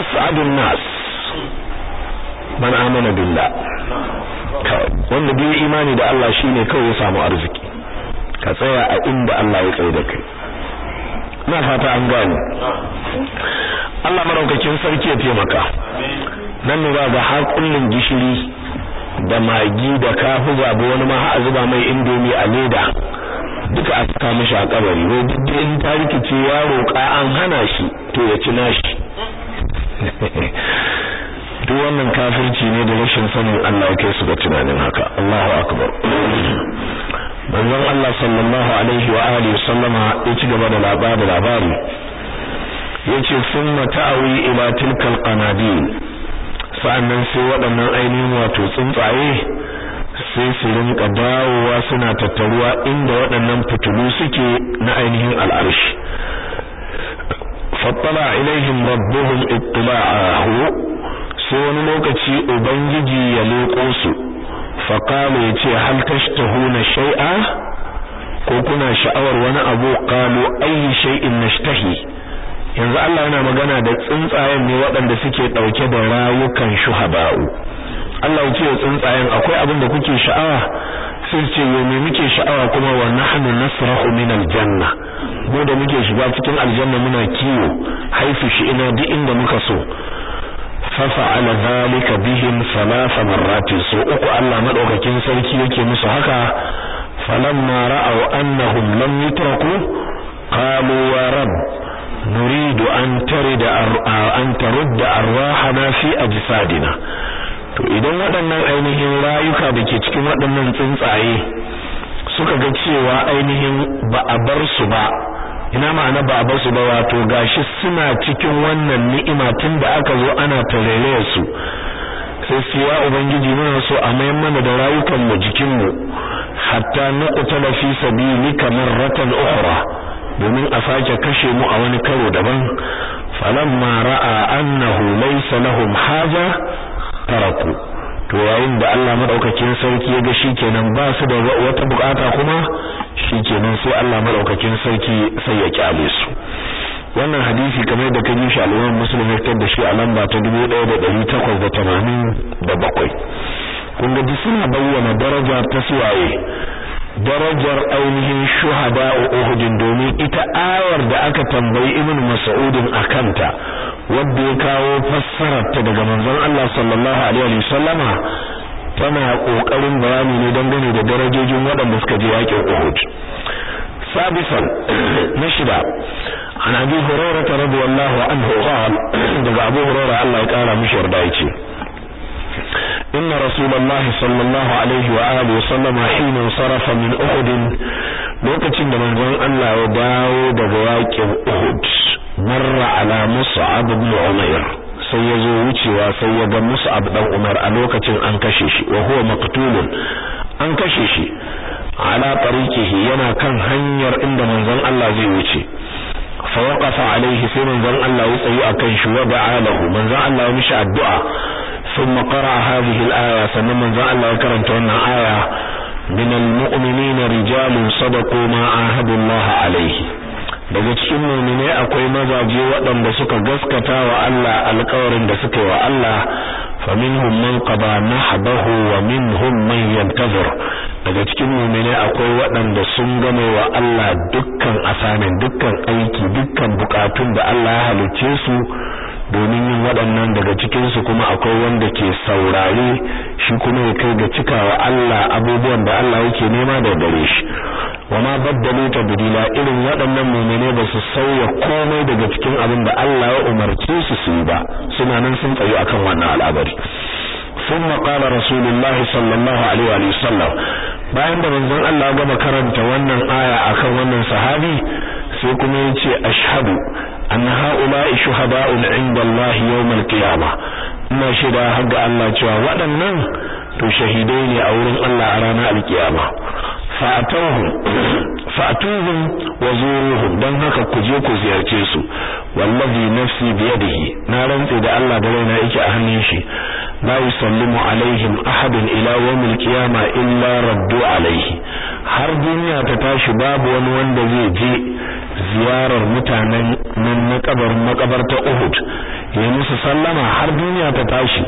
as'adun nas man amana billah wanda bai imani da Allah shine kawai ya samu arziki ka tsaya a inda Allah ya tsaye da kai na fata an gani Allah maraukakin sarki ya taimaka nan ne ba har kullun gishiri da magi da kafu ga wani ma har zuba mai indomi a leda duka a saka mishi a kabari ko duk in ta rikice ya roka an hana shi to ya ci nashi duk wannan kafirci ne da rashin sanin Allah ya kai su ga tunanin haka Allahu akbar manzon Allah sallallahu alaihi wa alihi sallama ya ci gaba da labarin labari yace summa ta'awi ila tilkal qanadil sa'annan sai waɗannan ainihin wato tsuntsaye sai su rinka dawowa suna tattaruwa inda waɗannan fitulu suke na ainihin al'arshi fattala ilaihim rabbuhum ittila'a sai wani lokaci ubangiji ya leƙo su faƙalu ya ce ta huna shai'a ko kuna sha'awar wani abu ƙalu ayi shay'in yanzu Allah yana magana da tsuntsayen ne waɗanda suke ɗauke da rayukan shuhaba'u Allah ya ce tsuntsayen akwai abin da kuke sha'awa sai ce yo me muke sha'awa kuma wa nahnu nasrahu min aljanna mu da muke shiga cikin aljanna muna kiwo haifu shi ina duk inda muka so ففعل ذلك بهم ثلاث مرات uku allah مدوكين sarki yake musu haka falamma ra'aw annahum lam yutraku qalu ya rab nuridu an tarida an tarudda arwahana fi ajsadina to idan waɗannan ainihin rayuka da cikin waɗannan tsuntsaye suka ga cewa ainihin ba a bar su ba ina ma'ana ba a bar su ba wato gashi suna cikin wannan ni'ima tun da aka zo ana tarere su sai su ya ubangiji muna so a mayan mana da rayukan mu jikin mu hatta nuqtala fi kamar marratan ukhra domin a sake kashe mu a wani karo daban falamma ra'a annahu laysa lahum haja taraku to yayin da Allah madaukakin sarki ya ga shikenan ba su da wata bukata kuma shikenan sai Allah madaukakin sarki sai ya kyale su wannan hadisi kamar da kaji shi al-Imam Muslim da shi a lamba ta da bakwai ga suna bayyana daraja ta suwaye darajar ainihin shuhada a Uhudin domin ita awar da aka tambayi Ibn Mas'udin kanta wanda ya kawo fassarar ta daga manzon Allah sallallahu alaihi wasallama tana kokarin bayani ne gani da darajojin waɗanda suka je yakin Uhud sabisan na shida an abi hurairah radiyallahu anhu qala daga abu hurairah Allah ya kara mishi yarda ce. Inna رسول الله صلى الله عليه وآله وسلم حين انصرف من أحد لوكتين من ذن الله وداو دواك أحد مر على مصعب بن sai ya zo wucewa sai ya ga Mus'ab dan Umar a lokacin an kashe shi wa huwa an kashe shi ala tariqihi yana kan hanyar inda manzon Allah zai wuce fa waqafa alaihi sai manzon Allah ya tsayi akan shi wa da'a lahu manzon Allah ya mishi addu'a ثم قرأ هذه الآية فمن ذا الله كرمت أن آية من المؤمنين رجال صدقوا ما عاهدوا الله عليه daga cikin mu'mine akwai mazaje waɗanda suka gaskata wa Allah alƙawarin da suka yi wa Allah faminhum man qada nahbahu wa minhum man yantazir daga cikin mu'mine akwai waɗanda sun game wa Allah dukkan asamin dukkan aiki dukkan bukatun da Allah ya halicce su domin yin waɗannan daga cikinsu kuma akwai wanda ke saurare shi kuma ya kai ga cikawa Allah abubuwan da Allah yake nema da gare shi wama baddalu tabdila irin waɗannan mu'mine ba su sauya komai daga cikin abin da Allah ya umarce su su yi ba suna nan sun tsayu akan wannan al'abari ثم قال رسول الله صلى الله عليه bayan da manzon Allah gama karanta wannan aya akan wannan sahabi sai kuma yace ashhadu anna haula'i shuhada'un 'inda Allah yawm al-qiyamah ina shaida har ga Allah cewa waɗannan to shahidai ne a wurin Allah a ranar alkiyama fa'atuhum fa'atuhum don dan haka ku je ku ziyarce su wallazi nafsi biyadihi na rantse da Allah da raina yake a hannun shi la yusallimu alaihim ahadun ila yawmil qiyama illa raddu alaihi har duniya ta tashi babu wani wanda zai je ziyarar mutanen nan na kabarin makabarta Uhud ya musu sallama har duniya ta tashi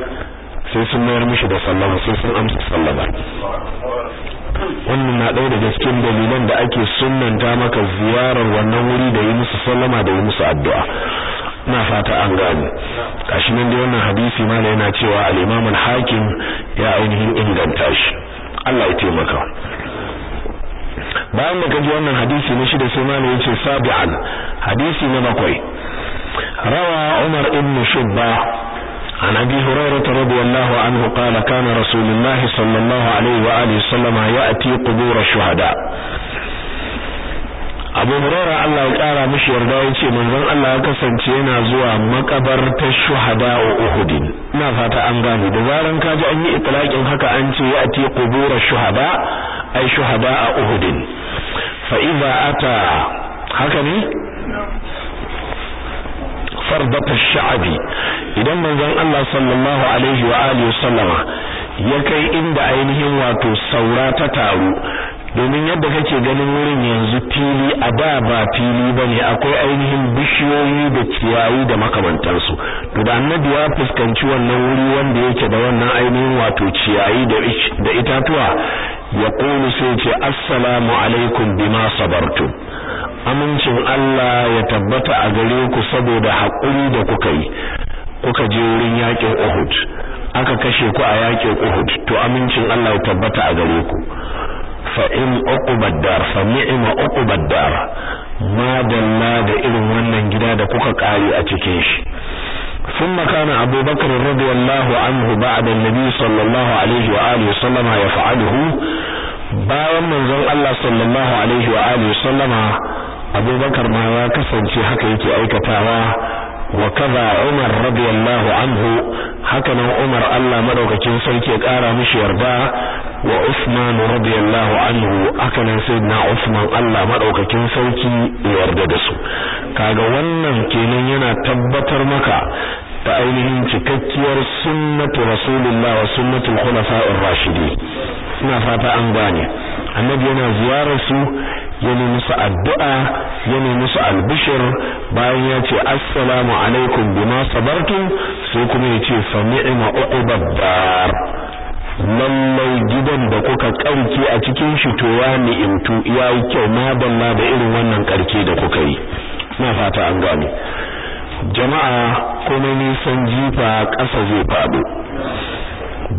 sai sun mayar mishi da sallama sai sun amsa sallama wannan na ɗaya daga cikin dalilan da ake sunnanta maka ziyarar wannan wuri da yi musu sallama da yi musu addu'a na fata an gane kashi nan da wannan hadisi ma yana cewa al-Imam hakim ya ainihin inganta shi Allah ya taimaka bayan da kaji wannan hadisi na shida sai malai yace sabi'an hadisi na bakwai rawa Umar ibn Shubba عن أبي هريرة رضي الله عنه قال كان رسول الله صلى الله عليه وآله وسلم يأتي قبور الشهداء Abu Hurairah Allah ya kara mishi yarda yace manzon Allah ya kasance yana zuwa makabartar shuhada a Uhudin ina fata an gane da zaran ka ji an yi itlaqin haka an ce ya ati qubur shuhada ai shuhada a Uhudin. fa idza ata haka ne ta sha'abi idan manzon Allah sallallahu alaihi wa alihi sallama ya kai inda ainihin wato saura ta taru domin yadda kake ganin wurin yanzu fili a da ba fili bane akwai ainihin bishiyoyi da ciyayi da makamantansu to da annabi ya fuskanci wannan wuri wanda yake da wannan ainihin wato ciyayi da itatuwa ya ƙoni sai ce assalamu alaikum bima sabartu amincin Allah ya tabbata a gare ku saboda haƙuri da kuka yi kuka je wurin yaƙin Uhud aka kashe ku a yaƙin Uhud to amincin Allah ya tabbata a gare ku fa in uqbad dar fa ni'ma uqbad dar ma dalla da irin wannan gida da kuka kare a cikin shi ثم كان أبو بكر رضي الله عنه بعد النبي صلى الله عليه وآله وسلم يفعله بايا من ذو الله صلى الله عليه وآله وسلم أبو بكر ما يكسن في حقيقة wa kaza Umar radiyallahu anhu haka nan Umar Allah madaukakin sarki ya kara mishi yarda wa Usman radiyallahu anhu haka nan na Usman Allah madaukakin sarki ya yarda da su kaga wannan kenan yana tabbatar maka ta ainihin cikakkiyar sunnatu rasulullah wa sunnatul khulafa'ir rashidin ina fata an gane annabi yana ziyarar su ya nemi addu'a ya musu su albishir bayan ya ce assalamu alaikum bima sabartu sai kuma ya ce sami'na babbar. lallai gidan da kuka karke a cikin shi to ya ni'imtu ya yi kyau ma balla da irin wannan karke da kuka yi na fata an gane jama'a kuma nisan jifa ƙasa zai faɗo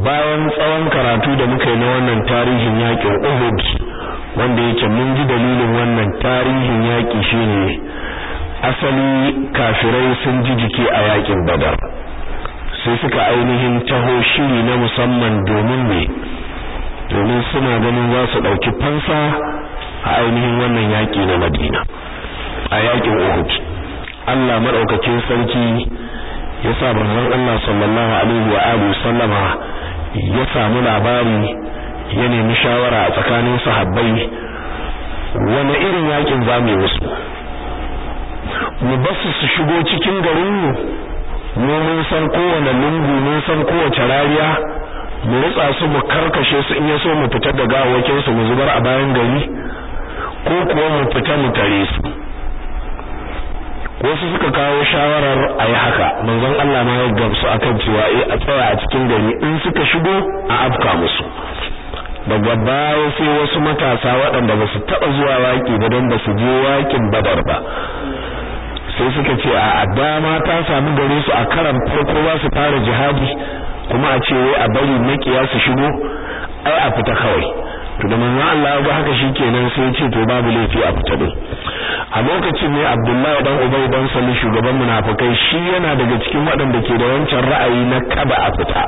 bayan tsawon karatu da muka yi na wannan tarihin yakin Uhud wanda yake mun ji dalilin wannan tarihin yaƙi shine asali kafirai sun ji jiki a yaƙin badar sai suka ainihin taho shiri na musamman domin ne domin suna ganin za su ɗauki fansa a ainihin wannan yaki na madina a yaƙin uhud allah maɗaukacin sarki ya sa manzon allah sallallahu alaihi wa alihi sallama ya samu labari ya nemi shawara a tsakanin sahabbai wani irin yakin za mu yi wasu mu basu su shigo cikin garinmu mu mun san kowane lungu mun san kowace rariya mu rutsa su mu karkashe su in ya so mu fita da gawakin su mu zubar a bayan gari ko kuwa mu fita mu tare su wasu suka kawo shawarar a yi haka manzon Allah ma ya gamsu akan cewa eh a tsaya a cikin gari in suka shigo a afka musu daga baya sai wasu matasa waɗanda ba su taɓa zuwa waƙi ba don ba su je waƙin badar ba sai suka ce a dama ta sami gare su a karan farko ba su fara jihadi kuma a ce wai a bari makiya su shigo ai a fita kawai to da manzon Allah ga haka shikenan sai ce to babu laifi a fita ne. a lokacin ne Abdullahi dan Ubay dan shugaban munafikai shi yana daga cikin waɗanda ke da wancan ra'ayi na kaba a fita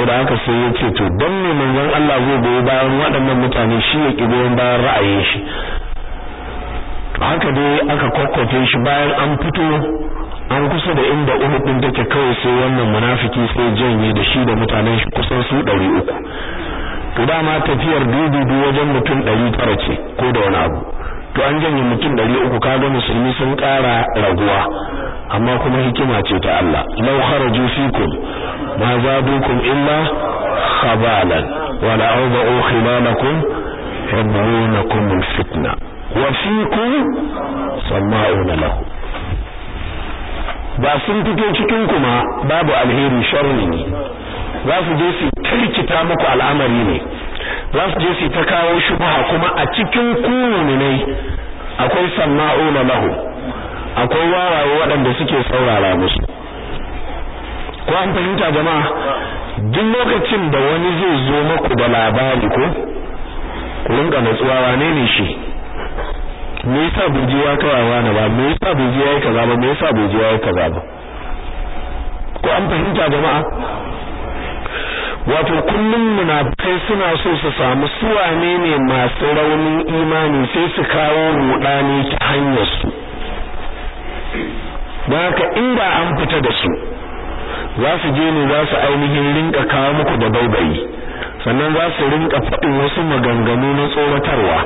da haka sai ya ce to don ne manzon Allah zai goyi bayan waɗannan mutane shi ya ƙi goyon bayan ra'ayin shi haka dai aka kwakwafe shi bayan an fito an kusa da inda Uhud take kawai sai wannan munafiki sai janye da shi da mutanen shi kusan su ɗari uku to dama tafiyar dubu wajen mutum ɗari tara ce ko da wani abu to an janye mutum ɗari uku kaga musulmi sun kara raguwa amma kuma hikima ce ta Allah law kharaju fikum ma zadukum illa khabalan wa la awba'u khilalakum yabghunakum fitna wa fikum sama'una lahu ba sun fito cikin kuma babu alheri sharri ne za su je su tarkita muku al'amari ne za su je su ta kawo shubha kuma a cikin kunu ne akwai na lahu akwai wawaye waɗanda suke saurara musu ko an fahimta jama'a duk lokacin da wani zai zo maku da labari ko ku rinka natsuwa wane ne shi me yasa buji ya wawa na ba me yasa buji ya yi kaza ba me yasa buji ya yi kaza ba ko an fahimta jama'a wato kullum munafai suna so su samu wane ne masu raunin imani sai su kawo rudani ta hanyar su ba haka inda an fita da su za su je ne za su ainihin rinka kawo muku da baibayi sannan za su rinka faɗin wasu maganganu na tsoratarwa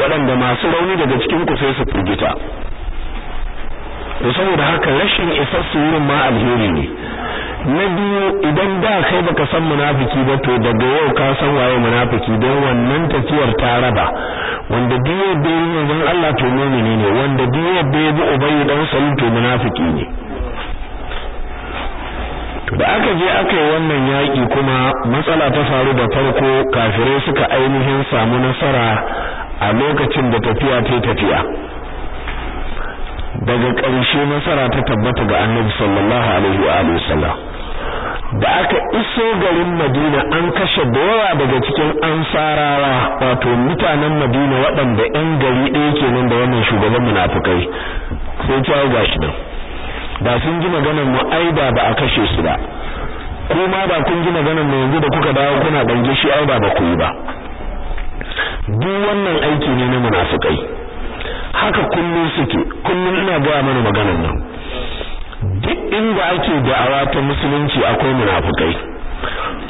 waɗanda masu rauni daga cikin ku sai su firgita to saboda haka rashin isassu wurin ma alheri ne na biyu idan da kai baka san munafiki ba to daga yau ka san waye munafiki don wannan tafiyar ta raba wanda biyu da yi Allah to mumini ne wanda diyar da yi ubayi dan salu to munafiki ne to da aka je aka yi wannan yaki kuma matsala ta faru da farko kafirai suka ainihin samu nasara a lokacin da tafiya ta tafiya daga ƙarshe nasara ta tabbata ga annabi sallallahu alaihi wa alihi wasallam da aka iso garin Madina an kashe dawa daga cikin ansarawa wato mutanen Madina waɗanda ƴan gari ɗaya kenan da wannan shugaban munafikai sai ta gashi nan ba sun ji maganar mu aida ba a kashe su ba kuma ba kun ji maganar mu yanzu da kuka dawo kuna dange shi aida ba ku yi ba duk wannan aiki ne na munafikai haka kullum suke kullun ina ga mana maganar nan duk inda ake da'awa ta musulunci akwai munafikai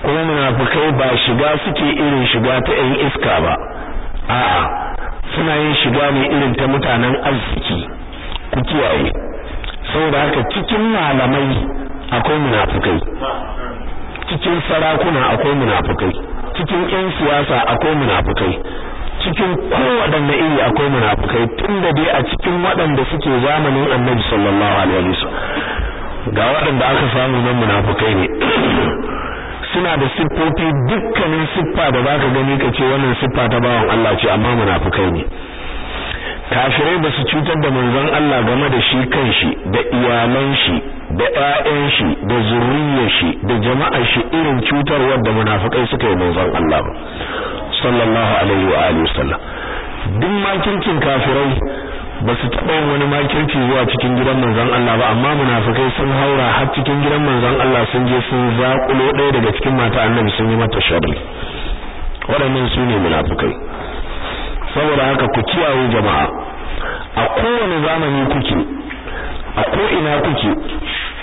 kuma munafikai ba shiga suke irin shiga ta 'yan iska ba a'a suna yin shiga ne irin ta mutanen arziki ku kiyaye saboda haka cikin malamai akwai munafikai cikin sarakuna akwai munafikai cikin 'yan siyasa akwai munafikai cikin kowaɗanne iri akwai munafukai tun da dai a cikin waɗanda suke zamanin annabi sallallahu alaihi wasallam ga waɗanda aka samu nan munafukai ne suna da siffofi dukkanin siffa da zaka gani ka ce wannan siffa ta bawan Allah ce amma munafukai ne kafirai ba su cutar da manzon Allah game da shi kanshi da iyalan shi da ƴaƴan shi da zuriyar shi da jama'ar shi irin cutarwar da munafukai suka yi manzon Allah ba sallallahu alaihi wa alihi wasallam duk kafirai ba su taɓa wani makirci zuwa cikin gidan manzon Allah ba amma munafikai sun haura har cikin gidan manzon Allah sun je sun zaƙulo ɗaya daga cikin mata annabi sun yi mata sharri waɗannan su ne munafikai saboda haka ku kiyaye jama'a a kowane zamani kuke a ko ina kuke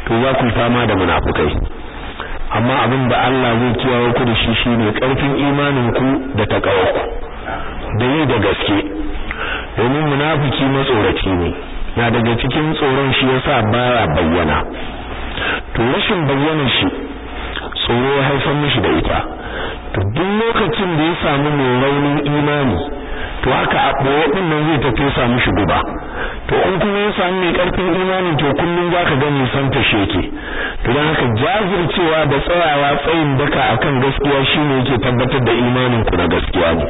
to za ku fama da munafikai amma abin da Allah zai kiyaye ku da shi shine karfin imanin ku da takawarku da yi da gaske domin munafiki matsoraci ne na daga cikin tsoron shi yasa baya bayyana to rashin bayyana shi tsoro ya haifar mishi da ita to duk lokacin da ya samu mai raunin imani to haka a ɓoye ɗin nan zai tafi samu shi guba to in kuma ya samu mai ƙarfin imani to kullum za ka ga san ta sheke to don haka jazircewa da tsayawa tsayin daka akan gaskiya shine ne yake tabbatar da imanin ku na gaskiya ne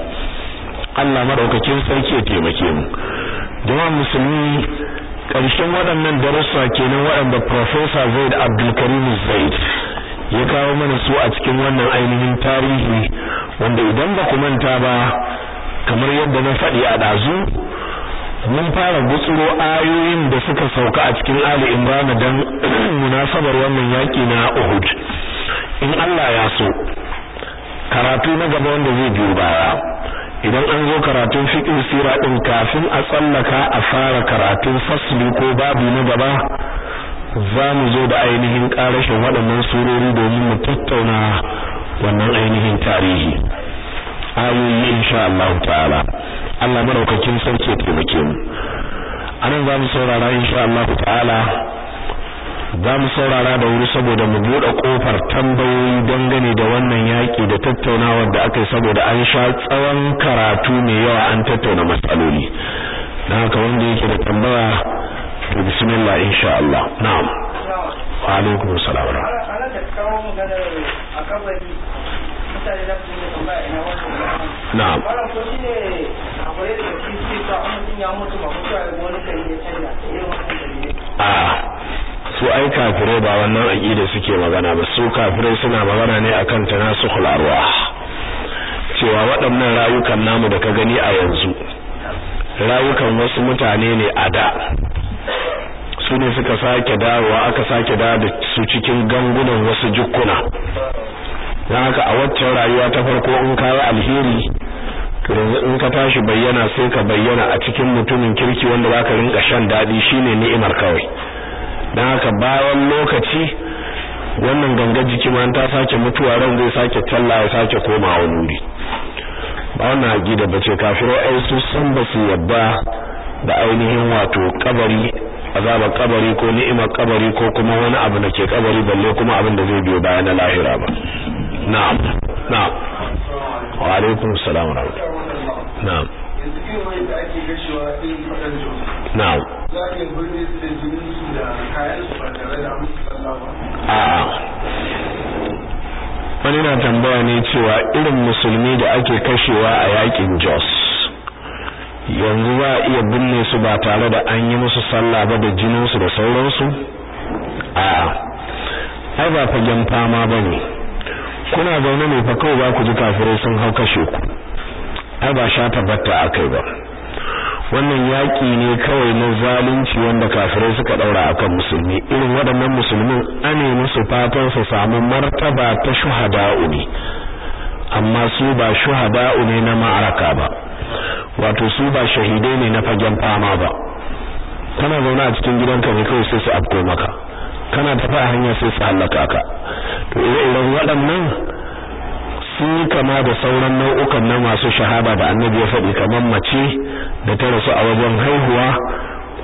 Allah maɗaukakin sarki ya taimake mu jama'a musulmi ƙarshen waɗannan darussa kenan waɗanda Profesa Zaid Abdulkarim Zaid ya kawo mana su a cikin wannan ainihin tarihi wanda idan ba ku manta ba kamar yadda na faɗi a ɗazu mun fara gutsuro ayoyin da suka sauka a cikin Ali Imran dan munasabar wannan yaki na Uhud in Allah ya so karatu na gaba wanda zai biyo baya idan an zo karatun fiqh sira din kafin a tsallaka a fara karatun fasli ko babu na gaba za mu zo da ainihin karashin waɗannan surori domin mu tattauna wannan ainihin tarihi ayoyi insha Allah ta'ala Allah maraukakin sarki ya taimake mu anan za mu saurara insha Allah ta'ala za mu saurara da wuri saboda mu bude kofar tambayoyi dangane da wannan yaki da tattaunawar da aka yi saboda an sha tsawon karatu ne yawa an tattauna matsaloli dan haka wanda yake da tambaya to bismillah insha Allah na'am wa alaikumus salam na'am su ai kafire ba wannan aqida suke magana ba su kafire suna magana ne akan tanasukhul arwah cewa waɗannan rayukan namu da ka gani a yanzu rayukan wasu mutane ne a da su ne suka sake dawowa aka sake dawo da su cikin gangunan wasu jukkuna don haka a waccan rayuwa ta farko in ka yi alheri to yanzu in ka tashi bayyana sai ka bayyana a cikin mutumin kirki wanda za ka rinka shan daɗi shine ni'imar kawai don haka bayan lokaci wannan gangar jiki ma ta sake mutuwa ran zai sake talla ya sake koma wani wuri ba wannan haƙi da bace kafiro ai su san ba su yabba da ainihin wato kabari azabar kabari ko ni'imar kabari ko kuma wani abu da ke kabari balle kuma abin da zai biyo baya na lahira ba na'am na'am wa alaikum assalam wa na'am na'am wani na tambaya ne cewa irin musulmi da ake kashewa a yakin jos yanzu za a iya binne su ba tare da an yi musu sallah ba da jininsu da sauransu 'a ai ba fagen fama ba ne kuna zaune ne fa kawai za ku ji kafirai sun hau kashe ku ai ba sha tabbata a kai ba wannan yaƙi ne kawai na zalunci wanda kafirai suka ɗaura akan musulmi irin waɗannan musulmin ane musu fatan su samu martaba ta shuhada'u ne amma su ba shuhada'u ne na ma'araka ba wato su ba shahidai ne na fagen fama ba kana zauna a cikin gidanka ne kawai sai su afko maka kana tafi a hanya sai su hallaka ka to ire waɗannan sun yi kama da sauran nau'ukan na masu shahada da annabi ya faɗi kamar mace da ta rasu a wajen haihuwa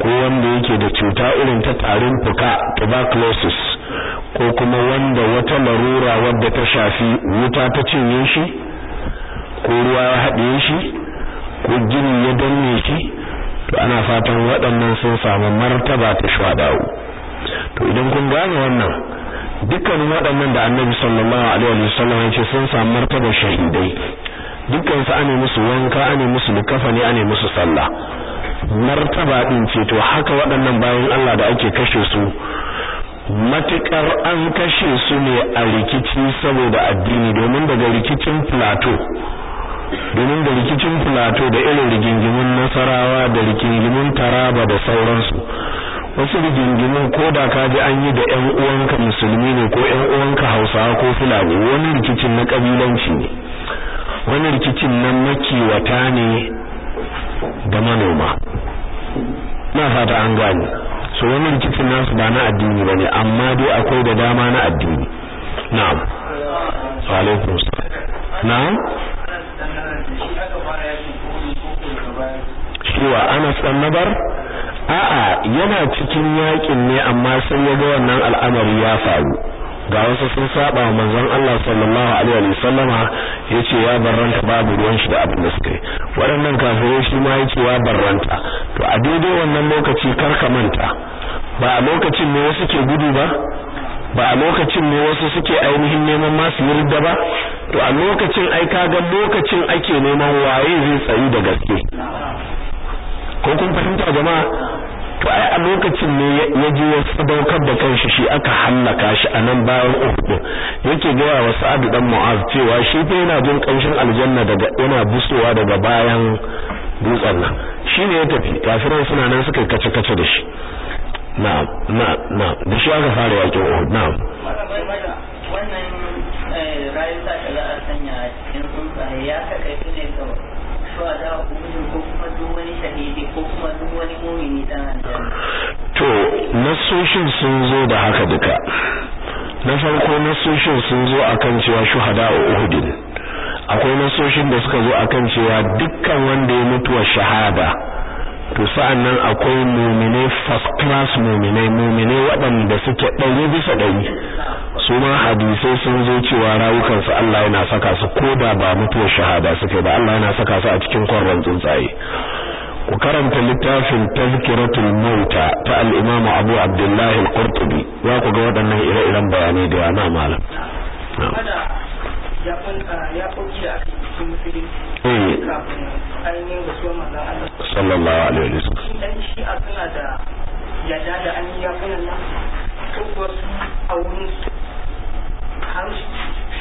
ko wanda yake da cuta irin ta tarin fuka tuberculosis ko kuma wanda wata larura wadda ta shafi wuta ta cinye shi ko ruwa ya haɗiye shi ko jini ya danne shi to ana fatan waɗannan sun samu martaba ta shuhada'u to idan kun gane wannan dukkanin waɗannan da annabi sallallahu alaihi wasallam ya ce sun samu martaba shahidai dukkan su ane musu wanka ane musu kafani ane musu sallah martaba din ce to haka waɗannan bayan Allah da ake kashe su matukar an kashe su ne a rikici saboda addini domin daga rikicin plateau domin da rikicin filato da irin rigingimin nasarawa da rigingimin taraba da sauransu wasu rigingimin ko da ka ji an yi da ƴan uwanka musulmi ne ko ƴan uwanka hausawa ko fulani wani rikicin na kabilanci ne wani rikicin na makiwata ne da manoma na fata an gane so wani rikicin nasu ba na addini ba ne amma dai akwai da dama na addini na'am alaikum na'am Shiwa Anas dan Nabar a'a yana cikin yakin ne amma sai ya ga wannan al'amari ya faru ga wasu sun saba wa manzon Allah sallallahu alaihi wa sallama yace ya barranta babu ruwan shi da abin da suka yi waɗannan kafirai shi ma yace ya barranta to a daidai wannan lokaci kar ka manta ba a lokacin ne wasu ke gudu ba ba a lokacin ne wasu suke ainihin neman masu yarda ba to a lokacin ai kaga lokacin ake neman waye zai tsayi da gaske ko kun fahimta jama'a to ai a lokacin ne ya je ya sadaukar da kanshi shi aka hallaka shi a nan bayan uku. yake gaya wa sa'adu dan mu'az cewa shi fa yana jin kanshin aljanna daga yana busowa daga bayan dutsen nan shine ya tafi kafiran suna nan suka kace kace da shi na'am na'am na'am da shi aka fara yakin Uhud na'am wannan eh, rayuwa ta za a sanya a cikin tsuntsaye ya takaitu ne ga shuhada ubudin ko kuma duk wani shahidi ko kuma duk wani mumini dan aljanna to nasoshin sun zo da haka duka na farko nasoshin sun zo akan cewa shuhada uhudin akwai nasoshin da suka zo akan cewa dukkan wanda ya mutuwa shahada to sa'an nan akwai mumine first class mumine mumine waɗanda suke ɗari bisa ɗari su ma hadisai sun zo cewa rayukansu Allah yana saka su ko da ba mutuwar shahada suke ba Allah yana saka su a cikin kwarran tsuntsaye ku karanta littafin tazkiratul mauta ta al-imamu Abu abdullahi al-Qurtubi za ku ga waɗannan ire-iren bayanai da yana malam Eh. sallallahu alaihi wasallam shi hmm. dan suna da da an yi su a wurin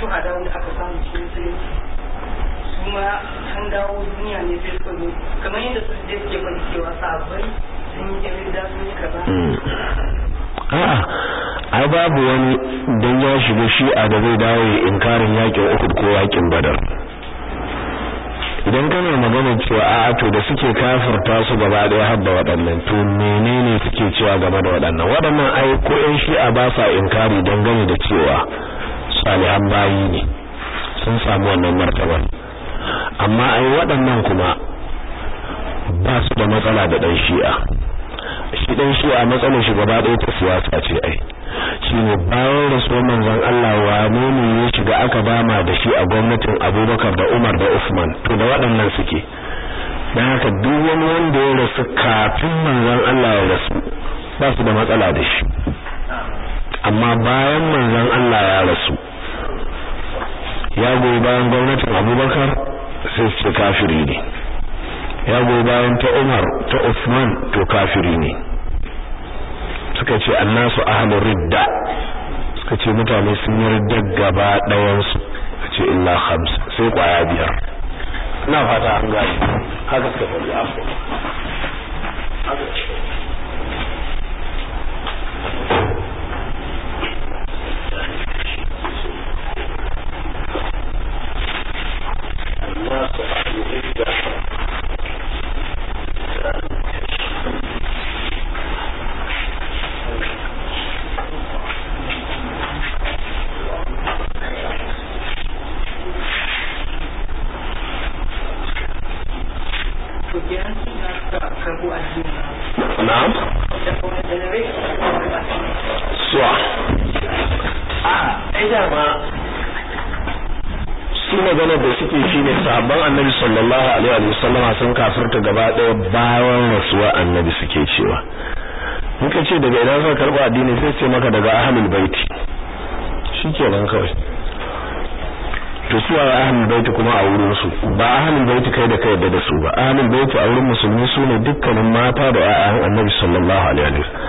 su har aka samu su ma dawo duniya ne sai kamar yadda su suke sabai sun yi irin da sun yi kaza a'a ai babu wani dan ya shiga shi'a da zai dawo inkarin yakin uku ko yakin badar idan kana magana cewa a'a to da suke kafirta su gaba da har da waɗannan to menene suke cewa game da waɗannan waɗannan ai ko ƴan shi'a ba sa inkari dangane da cewa salihan bayi ne sun samu wannan martaba amma ai waɗannan kuma ba su da matsala da ɗan shi'a shi ɗan shi'a matsalar shi gaba ɗaya ta siyasa ce ai shine bayan rasuwar manzon Allah wa ne ya shiga aka bama da shi a gwamnatin Abubakar da Umar da Usman to da waɗannan suke da haka duk wani wanda ya rasu kafin manzon Allah ya rasu ba su da matsala da shi amma bayan manzon Allah ya rasu ya goyi bayan gwamnatin Abubakar sai su kafiri ne ya goyi bayan ta Umar ta Usman to kafiri ne suka ce annasu ahlu ridda suka ce mutane sun yi ridda gaba ɗayan su suka ce illa khams sai kwaya biyar na fata an gani haka suka faɗi afu الناس أهل na'am suwa a ah, eh, ai ma. su maganar da suke shi ne sabon annabi sallallahu alaihi wa sallama sun kafirta gaba ɗaya bayan rasuwa annabi suke cewa muka ce daga idan suka karɓi addini sai ce maka daga ahlul baiti shi ke nan kawai to su a ahlul bait kuma a wurin su ba ahlul bait kai da kai da su ba ahlul bait a wurin musulmi su dukkanin mata da ƴaƴan annabi sallallahu alaihi wasallam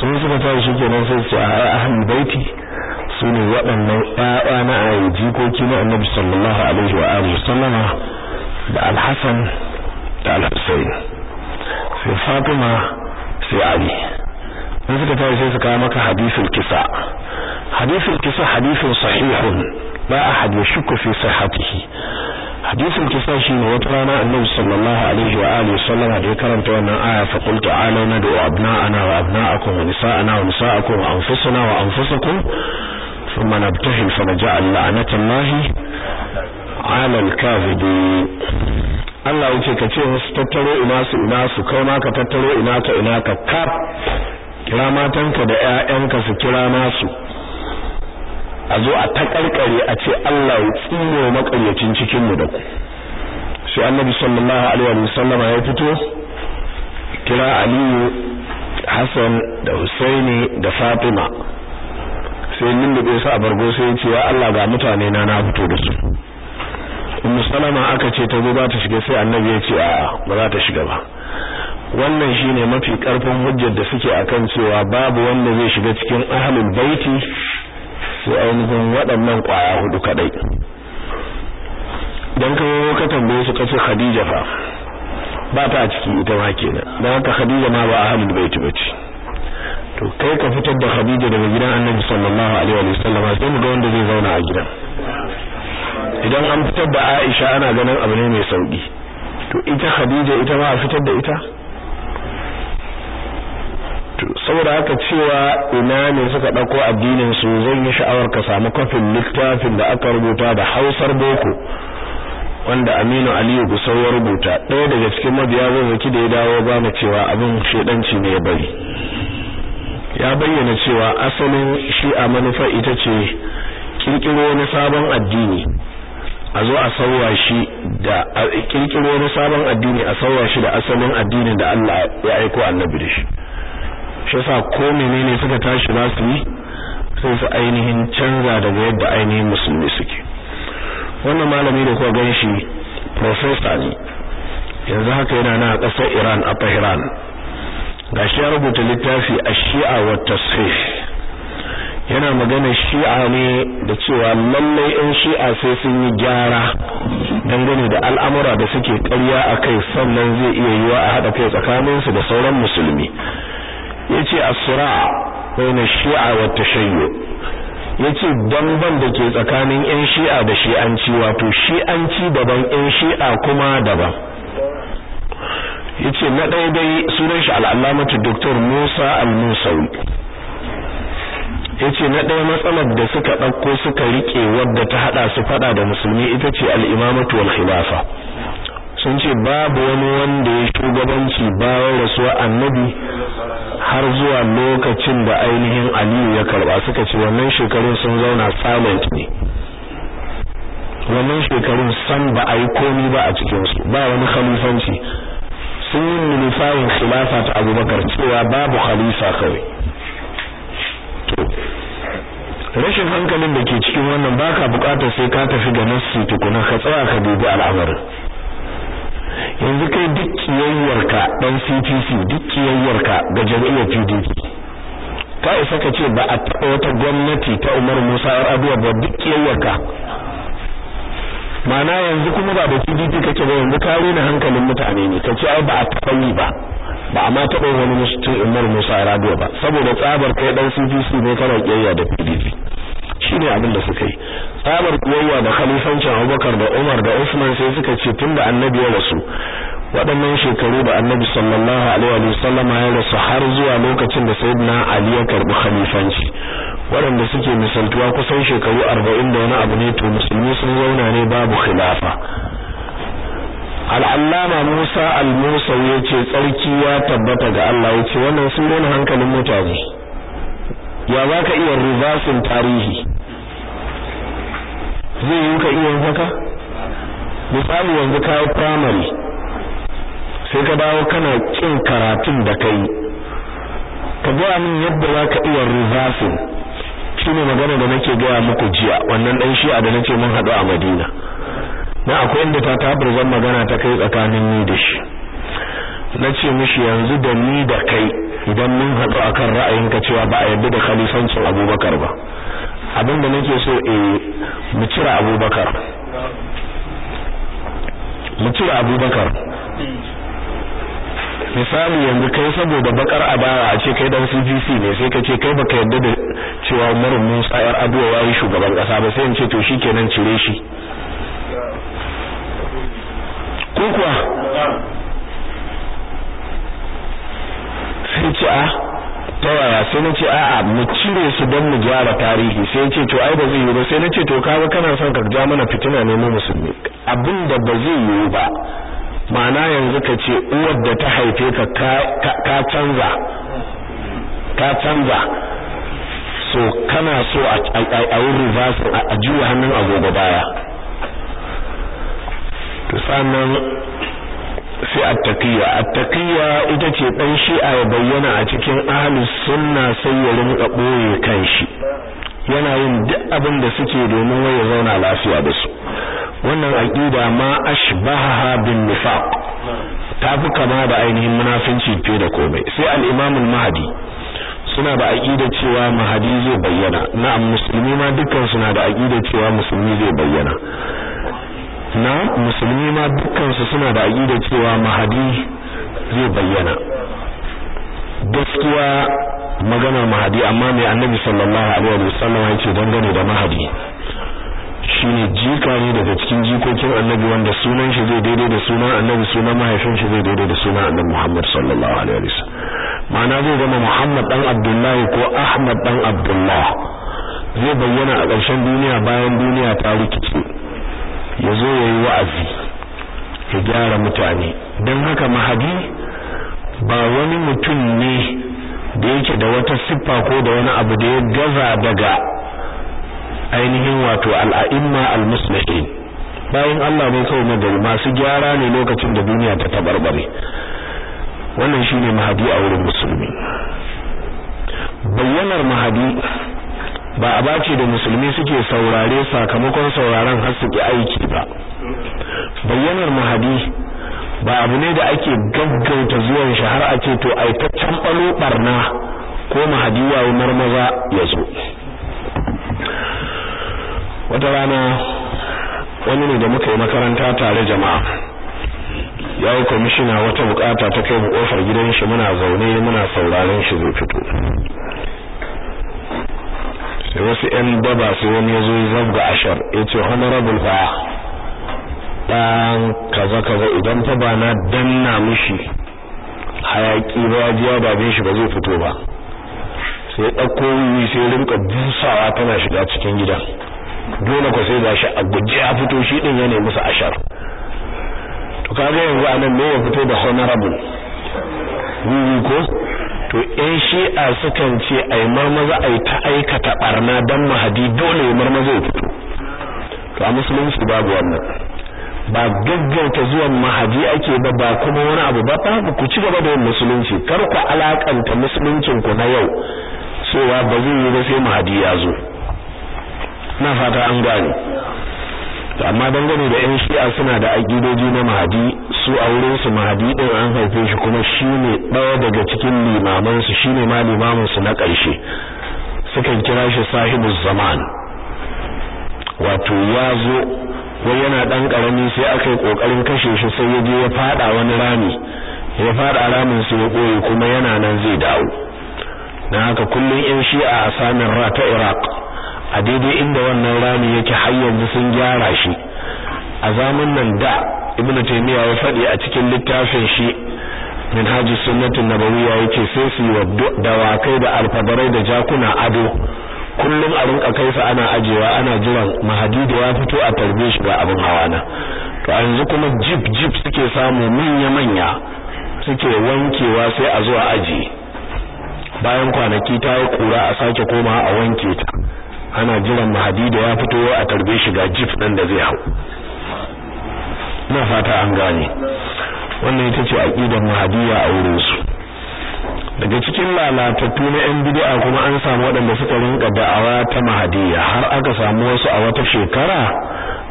sun suka tashi shikenan sai su a ahlul bait su waɗannan ƴaƴa na ayi jikoki na annabi sallallahu alaihi wa alihi sallama da al-hasan da al-husayn sai fatima sai ali sun suka tashi sai su kawo maka hadisul kisa hadisul kisa hadisin sahihun ma ahad yashku fi sihhatihi hadisin kisa shi ne wata rana annabi sallallahu alaihi wa alihi sallam da ya karanta wannan aya fa qul ta'ala nad'u ana wa abna'akum wa nisa'ana wa nisa'akum wa anfusana wa anfusakum thumma nabtahil fa naj'al la'natallahi 'ala al-kadhibin Allah yace ka ce musu tattaro ina su ina su kauna ka tattaro ina ka ina ka kaf kira matanka da ƴaƴanka su kira masu. a zo a takarkare a ce Allah ya maƙaryacin makaryacin cikin mu da ku sai annabi sallallahu alaihi wa sallam ya fito kira aliyu Hassan, da husaini da fatima sai nin da bai a bargo sai ya ce ya Allah ga mutane na na fito da su ummu salama aka ce ta zo za ta shiga sai annabi ya ce a ba za ta shiga ba wannan shine mafi karfin hujjar da suke akan cewa babu wanda zai shiga cikin ahlul baiti sai ainihin waɗannan ƙwaya hudu kaɗai dan kawo ka tambaye su kace Khadija fa ba ta a ciki ita ma kenan don haka Khadija ma ba ahlul bait bace to kai ka fitar da Khadija daga gidan Annabi sallallahu alaihi wa sallam sai mu ga wanda zai zauna a gidan idan an fitar da Aisha ana ganin abu ne mai sauki to ita Khadija ita ma a fitar da ita saboda haka cewa ina ne suka dauko addinin su zan yi sha'awar ka samu kafin littafin da aka rubuta da hausar boko wanda aminu aliyu gusau ya rubuta ɗaya daga cikin mabiya zaki da ya dawo gane cewa abin shaidanci ne ya bari ya bayyana cewa asalin shi a manufa ita ce kirkiro wani sabon addini a zo a sauwa shi da kirkiro wani sabon addini a sauwa shi da asalin addinin da Allah ya aiko annabi da shi shi sa ko menene suka tashi za su yi sai su ainihin canza daga yadda ainihin musulmi suke wannan malami da kuwa gan shi profesa ne yanzu haka yana na a ƙasar Iran a Tehran gashi ya rubuta littafi a shia wa tasfif yana magana shi'a ne da cewa lallai in shi'a sai sun yi gyara dangane da al'amura da suke karya a kai sannan zai iya yiwa a haɗa kai tsakaninsu da sauran musulmi yace as-sira baina shia wa tashayyu yace damban da ke tsakanin yan shi'a da shi'anci wato shi'anci daban yan shi'a kuma daban yace na ɗaya dai sunan shi al'alamatu dr Musa al-Musawi yace na ɗaya matsalar da suka ɗauko suka rike wadda ta hada su fada da musulmi ita ce al-imamatu wal khilafa sun ce babu wani wanda ya shugabanci bayan rasuwa annabi har zuwa lokacin da ainihin aliyu ya karba suka ce wannan shekarun sun zauna silent ne wannan shekarun san ba a yi komi ba a cikinsu ba wani khalifanci sun yi nufayin khilafa ta abubakar cewa babu khalifa kawai rashin hankalin da ke cikin wannan baka bukatar sai ka tafi ga nassi tukuna ka tsaya ka dubi al'amarin yanzu kai duk kiyayyarka dan CPC duk kiyayyarka ga jami'ar PDP ka isa ka ce ba a taɓa wata gwamnati ta Umar Musa Abuwa ba duk kiyayyarka mana yanzu kuma ba da PDP kake ba yanzu ka ni hankalin mutane ne kace ai ba a taɓa yi ba ba a ma taɓa wani musu Umar Musa Yar'adua ba saboda tsabar kai dan CPC ne kana kiyayya da PDP Shi ne abin da suka yi tsabar kuwaiwa da khalifancin Abubakar da Umar da Usman sai suka ce tun da annabi ya rasu waɗannan shekaru da annabi sallallahu alaihi wa sallam ya rasu har zuwa lokacin da sayyidina Ali ya karbi khalifanci waɗanda suke misaltuwa kusan shekaru arba'in da wani abu ne to musulmi sun zauna ne babu khilafa al'allama Musa al-Musa ce tsarki ya tabbata ga Allah wuce wannan sun daina hankalin mutane ya za ka iya rubasin tarihi zai yi ka iya haka misali yanzu kawo primary sai ka dawo kana kin karatun da kai ka gaya min yadda za ka iya rubasin shi ne magana da nake gaya muku jiya wannan dan shi'a da nake mun haɗu a madina na akwai inda ta tabar zan magana ta kai tsakanin ni da shi na ce mishi yanzu da ni da kai idan mun haɗu akan ra'ayinka cewa ba a yadda da khalifancin abubakar ba abinda nake so eh mu cire abubakar mu cire abubakar misali yanzu kai saboda bakar adara a ce kai dan CGC ne sai ka ce kai ba ka yadda da cewa Umar Musa yar Abuwa yayi shugaban kasa ba sai in ce to shi kenan cire shi ko kuwa sai ce a ah, ta sai na ce a'a mu cire su don mu gyara tarihi sai ce to ai ba zai yi ba sai na ce to kaga kana son ka ja mana fitina ne mu musulmi abin da ba zai yi ba ma'ana yanzu ka ce uwar da ta haife ka ka canza ka canza so kana so a yi reversal a juya hannun agogo baya to sai attaqiyya attaqiyya ita ce dan shi'a ya bayyana a cikin ahlus sunna sai ya rinka boye kanshi yana yin duk abin da suke domin waye zauna lafiya da su wannan aƙida ma ashbaha bin nifaq fi kama da ainihin munafinci fiye da komai sai al mahadi suna da aqida cewa mahadi zai bayyana na musulmi ma dukkan suna da aqida cewa musulmi zai bayyana na musulmi ma dukkan su suna da aqida cewa mahadi zai bayyana gaskiya maganar mahadi amma mai annabi sallallahu alaihi wasallam yake dangane da mahadi shine jika ne daga cikin jikokin annabi wanda sunan shi zai daidai da sunan annabi sunan mahaifin shi zai daidai da sunan annabi Muhammad sallallahu alaihi wasallam ma'ana zai zama Muhammad dan Abdullahi ko Ahmad dan Abdullah zai bayyana a ƙarshen duniya bayan duniya ta rikice ya zo ya yi wa'azi ya gyara mutane don haka mahadi ba wani mutum ne da yake da wata siffa ko da wani abu da ya gaza daga ainihin wato al'a'imma al al-musulmi bayan Allah bai kawo madari masu gyara ne lokacin da duniya ta tabarbare wannan shi ne mahadi a wurin musulmi bayyanar mahadi ba a bace da musulmi suke saurare sakamakon sauraren har su aiki ba bayyanar mahadi ba abu ne da ake gaggauta zuwan shi har a ce to ai ta canɓalo barna ko mahadi yayi marmaza ya zo wata rana wani ne da muka yi makaranta tare jama'a ya yi kwamishina wata bukata ta kai mu kofar gidan shi muna zaune muna sauraren shi zai fito da wasu yan daba sai wani ya zo zabga ashar ya ce honorable fa ɗan kaza kaza idan ta ba na danna mushi. hayaƙi ba jiya ba shi ba zai fito ba sai ɗauko yi sai rinka busawa tana shiga cikin gida dole ku sai gashi a guje a fito shi ɗin ya nemi su ashar to kaga yanzu anan ne ya fito da honorable ko to ɗan shi'a sukan ce a yi marmaza ai ta aikata ɓarna don mahadi dole ya marmaza ya fito to a musulunci babu wannan ba gaggauta zuwan mahadi ake ba ba kuma wani abu ba ba ku ci gaba da yin musulunci kar ku alakanta musuluncin ku na yau cewa ba zai yi ba sai mahadi ya zo na fata an gane to amma dangane da yan shi'a suna da aƙidoji na mahadi su a wurin su mahadi din an haife shi kuma shine ɗaya daga cikin limaman su shine ma limaman su na ƙarshe sukan kira shi sahibu zaman wato ya zo wai yana ɗan ƙarami sai aka yi kokarin kashe shi sai ya je ya fada wani rami ya fada ramin su ya koyi kuma yana nan zai dawo na haka kullum yan shi'a a samin ra ta iraq a daidai inda wannan rami yake har yanzu sun gyara shi a zaman nan da ibnu taymiya ya faɗi a cikin littafin shi minhajus sunnati nabawiyya yake sai su yi wa dawakai da alfadarai da jakuna ado kullum a rinka kai su ana ajiyewa ana jiran mahadi da ya fito a tarbe shi ga abin hawa na to yanzu kuma jip jip suke samu manya manya suke wankewa sai a zuwa a bayan kwanaki ta yi kura a sake komawa a wanke ta ana jiran mahadi da ya fito a tarbe shi ga jif ɗin da zai hau na fata an gane wannan ita ce aƙidar mahadi ya aure su daga cikin lalatattu na yan bid'a kuma an samu waɗanda suka rinka da'awa ta mahadi har aka samu wasu a wata shekara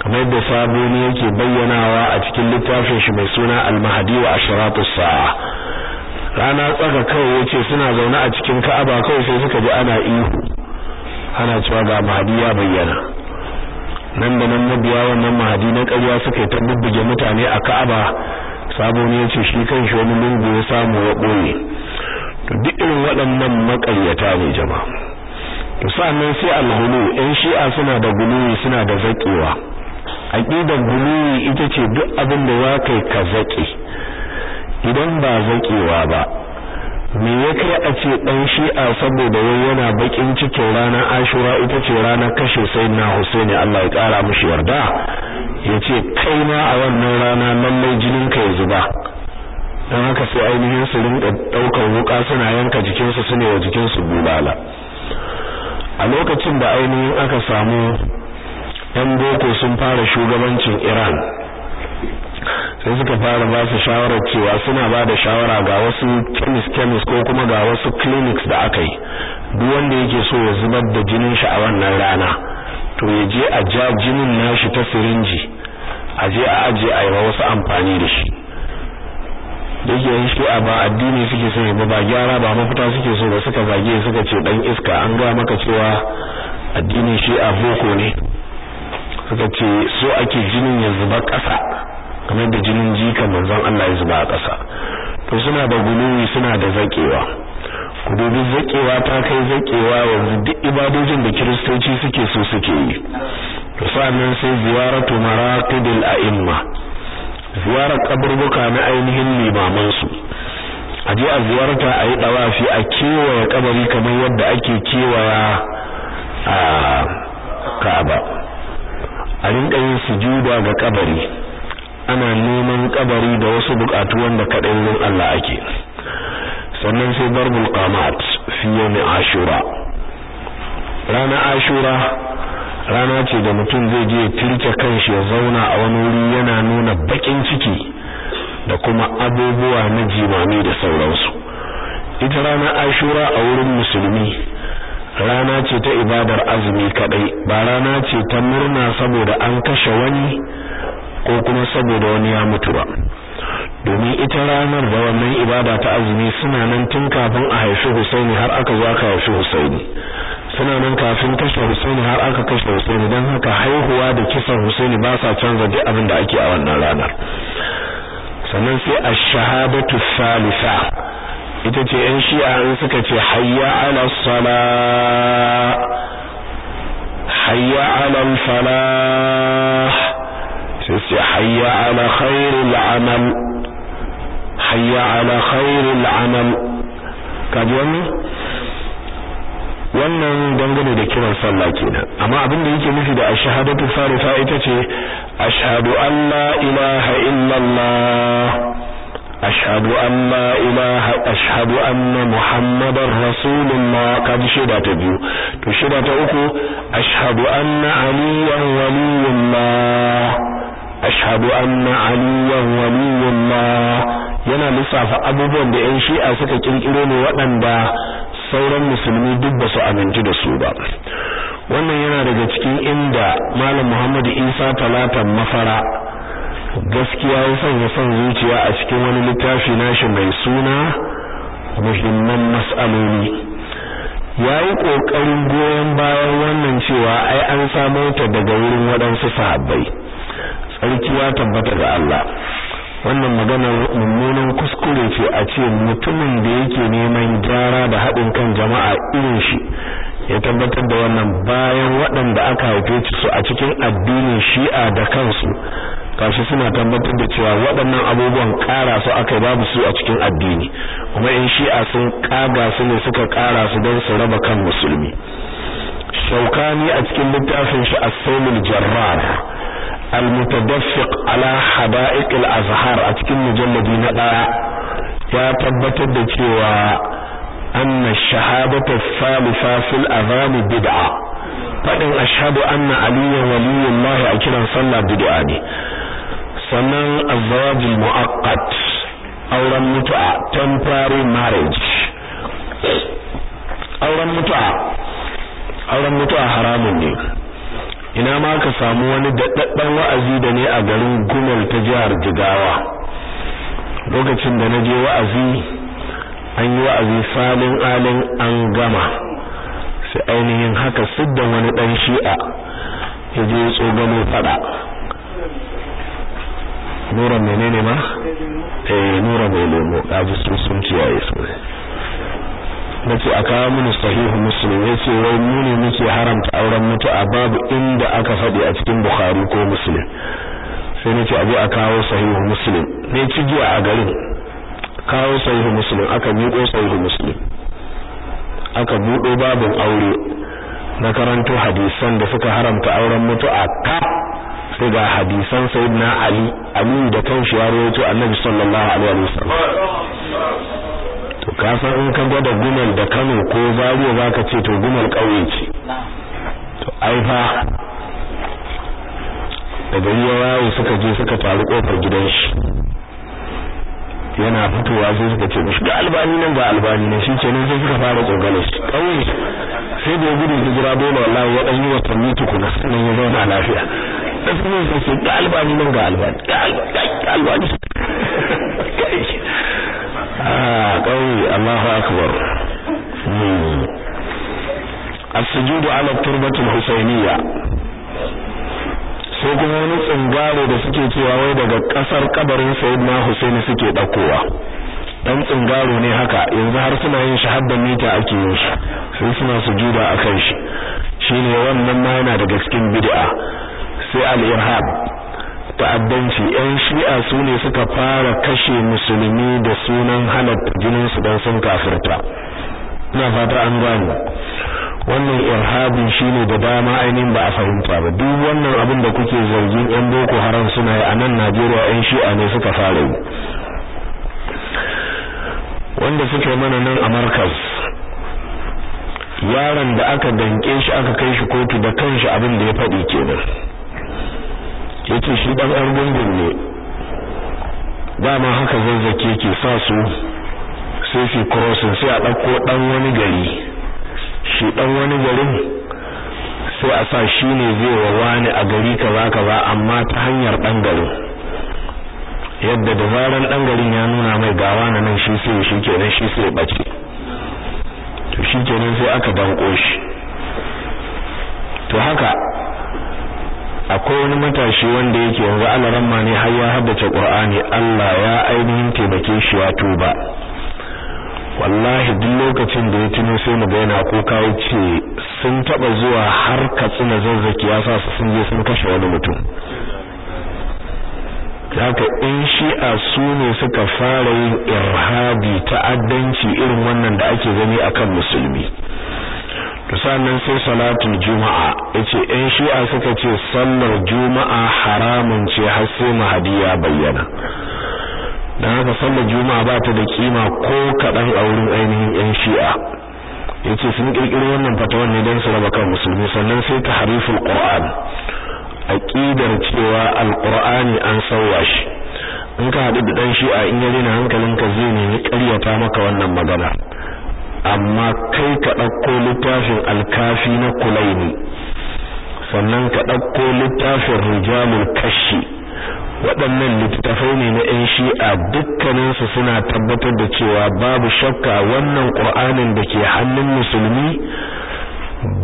kamar yadda saboni yake bayyanawa a cikin littafin shi mai suna al mahadi wa ashratus sa'a rana tsaka kawai yace suna zaune a cikin ka'aba kawai sai suka ji ana ihu ana cewa ga mahadi ya bayyana nan da nan mabiya wannan mahadi na ƙarya suka yi ta bubbuge mutane a ka'aba sabo ne ya ce shi kan shi wani lungu ya samu ya ɓoye to duk irin waɗannan maƙaryata ne jama'a to sa'annan sai alhulu yan shi'a suna da guluwi suna da zaƙewa aƙidar guluwi ita ce duk abin da za ka yi ka zaƙe idan ba zaƙewa ba me ya kai a ce dan shi'a saboda wai yana bakin cikin ranar ashura ita ce ranar kashe sai na husaini Allah ya kara mishi yarda yace kai ma a wannan rana lallai jinin ka ya zuba don haka sai ainihin su rinka daukar wuka suna yanka jikinsu su ne wa jikinsu bulala a lokacin da ainihin aka samu yan boko sun fara shugabancin Iran sai suka fara ba su shawarar cewa suna ba da shawara ga wasu chemist chemist ko kuma ga wasu clinics da aka yi duk wanda yake so ya zubar da jinin shi a wannan rana to ya je a ja jinin nashi ta sirinji a je a aje a yi wasu amfani da shi da yake shi a ba addini suke so ba gyara ba mafita suke so ba suka zage suka ce dan iska an ga maka cewa addinin shi a boko ne suka ce so ake jinin ya zuba ƙasa kamar da jinin jika manzon Allah ya zuba a ƙasa to suna da gulumi suna da zakewa ku dubi zakewa ta kai zakewa yanzu duk ibadojin da kiristoci suke so suke yi to sa'annan sai ziyaratu maraqidil a'imma ziyarar kaburbuka na ainihin limaman su a je a ziyarta a yi dawafi a kewaye kabari kamar yadda ake kewaya a Ka'aba a rinka yin sujuda ga kabari ana neman kabari da wasu bukatu wanda kadai wurin Allah ake sannan sai barbul qamat fi yawmi ashura rana ashura rana ce da mutum zai je tirke kanshi ya zauna a wani wuri yana nuna bakin ciki da kuma abubuwa na jimami da sauransu ita rana ashura a wurin musulmi rana ce ta ibadar azumi kadai ba rana ce ta murna saboda an kashe wani ko kuma saboda wani ya mutu ba domin ita ranar da wannan ibada ta azumi suna nan tun kafin a haifi Husaini har aka zo aka haifi Husaini suna nan kafin kashe Husaini har aka kashe Husaini don haka haihuwa da kisan Husaini ba sa canza duk abin da ake a wannan ranar sannan sai a shahadatu salisa ita ce yan shi'a in suka ce hayya ala sala hayya ala sai ce hayya ala khairul amal hayya ala khairul amal kaji wannan wannan dangane da kiran sallah kenan amma abin da yake nufi da ashhadatu farifa ita ce ashhadu an la ilaha illallah ashhadu an la ilaha ashhadu anna muhammadar rasulullah kaji shida ta biyu to shida ta uku ashhadu anna aliyan waliyullah ashhadu anna aliyan waliyullah yana lissafa abubuwan da yan shi'a suka kirkiro ne waɗanda sauran musulmi duk ba su aminci da su ba wannan yana daga cikin inda malam Muhammad Isa talatan mafara gaskiya ya sanya son zuciya a cikin wani littafi nashi mai suna muhimman mas'aloli ya yi ƙoƙarin goyon bayan wannan cewa ai an samo ta daga wurin waɗansu sahabbai tsarki ya tabbata ga Allah wannan magana mummunan kuskure ce a ce mutumin da yake neman gyara da haɗin kan jama'a irin shi ya tabbatar da wannan bayan waɗanda aka haife su a cikin addinin shi'a da kansu kashi suna tabbatar da cewa waɗannan abubuwan ƙara su aka babu su a cikin addini kuma in shi'a sun ƙaga su ne suka ƙara su don su raba kan musulmi shaukani a cikin littafin shi as-sailul jarrar المتدفق على حدائق الأزهار أتكن مجلد نقا يتبت الدكوة أن الشهادة الثالثة في الأذان بدعة فإن أشهد أن علي ولي الله أكرا صلى بدعاني صلى الزواج المؤقت أولا متعة temporary marriage أولا متعة أولا متعة حرام النيل ina ma ka samu wani daɗaɗɗen wa'azi da ne a garin gumal ta jihar jigawa lokacin da na je wa'azi an yi wa'azi salin alin an gama sai ainihin haka siddan wani ɗan shi'a ya je gano faɗa nura menene ma eh nura mai lemo ɗaji sun ciyaye su na ce a kawo mini sahihu muslim ya ce wai mu ne muke haramta auren mutu'a babu inda aka fadi a cikin bukhari ko muslim sai na ce abu a kawo sahihu muslim ne ci giya a garin kawo sahihu muslim aka miƙo sahihu muslim aka buɗo babin aure na karanto hadisan da suka haramta auren mutu'a ka sai ga hadisan sayyidina ali ali da kanshi ya rawaito annabi sallallahu alaihi wasallam to ka san in ka gwada gumal da Kano ko Zaria zaka ce to gumal kauye ce to ai fa da gari ya waye suka je suka taru kofar gidan shi yana fitowa sai suka ce mishi ga albani nan ga albani nan shi ce kenan sai suka fara tsogale shi kauye sai da gudun hijira dole wallahi ya dan yi watanni tukuna sannan ya zauna lafiya da su ne sai ga albani nan ga albani ga albani a ah, ƙauye Allahu akbar hmm. as-sujudu ala turbatil kuma wani tsingaro da suke cewa wai daga kasar kabarin sayyidina Husaini suke ɗaukowa, ɗan tsingaro ne haka yanzu har suna yin shi da mita ake yin shi sai suna sujuda akan shi shine wannan ma yana daga cikin bid'a sai al-irhab ta'addanci yan shi'a su ne suka fara kashe musulmi da sunan halatta jinin su dan sun kafirta ina fata an gano. wannan irhabin ne da dama ainihin ba a fahimta ba duk wannan abin da kuke zargin yan boko haram suna yi a nan Najeriya yan shi'a ne suka fara yi wanda suke mana nan a markaz yaron da aka danke shi aka kai shi kotu da kanshi abin da ya faɗi kenan ya ce shi ɗan ɗan gungun ne dama haka zazzake ke sa su sai fi crossing sai a ɗauko ɗan wani gari shi ɗan wani garin sai a sa shi ne zai wa wani a gari kaza kaza amma ta hanyar ɗan garin yadda da zaran ɗan garin ya nuna mai gawa na nan shi sai shi kenan shi sai ɓace to shi kenan sai aka danko shi to haka akwai wani matashi wanda yake yanzu alaran ne har ya haddace qur'ani Allah ya ainihin taimake shi ya tuba wallahi duk lokacin da ya tuno sai mu ga yana kuka yace sun taba zuwa har katsina zazzaki ya sa su sun je sun kashe wani mutum haka in shi'a su ne suka fara yin irhabi ta'addanci irin wannan da ake gani akan musulmi sannan sai salatul juma'a yace ɗan shi'a suka ce sallar juma'a haramun ce har sai mahadi ya bayyana dan haka sallar juma'a ba ta da kima ko kaɗan a wurin ainihin ɗan shi'a yace sun kirkiro wannan fatawa ne don su raba kan musulmi sannan sai ta tahriful qur'an aqidar cewa alqur'ani an sauya shi in ka haɗu da ɗan shi'a in ya na hankalinka zai nemi ƙaryata maka wannan magana amma kai ka ɗauko littafin alkafi na kulaini sannan ka ɗauko littafin rijamul kashi waɗannan littafai ne na 'yan shi'a dukkaninsu suna tabbatar da cewa babu shakka wannan ƙur'anin da ke hannun musulmi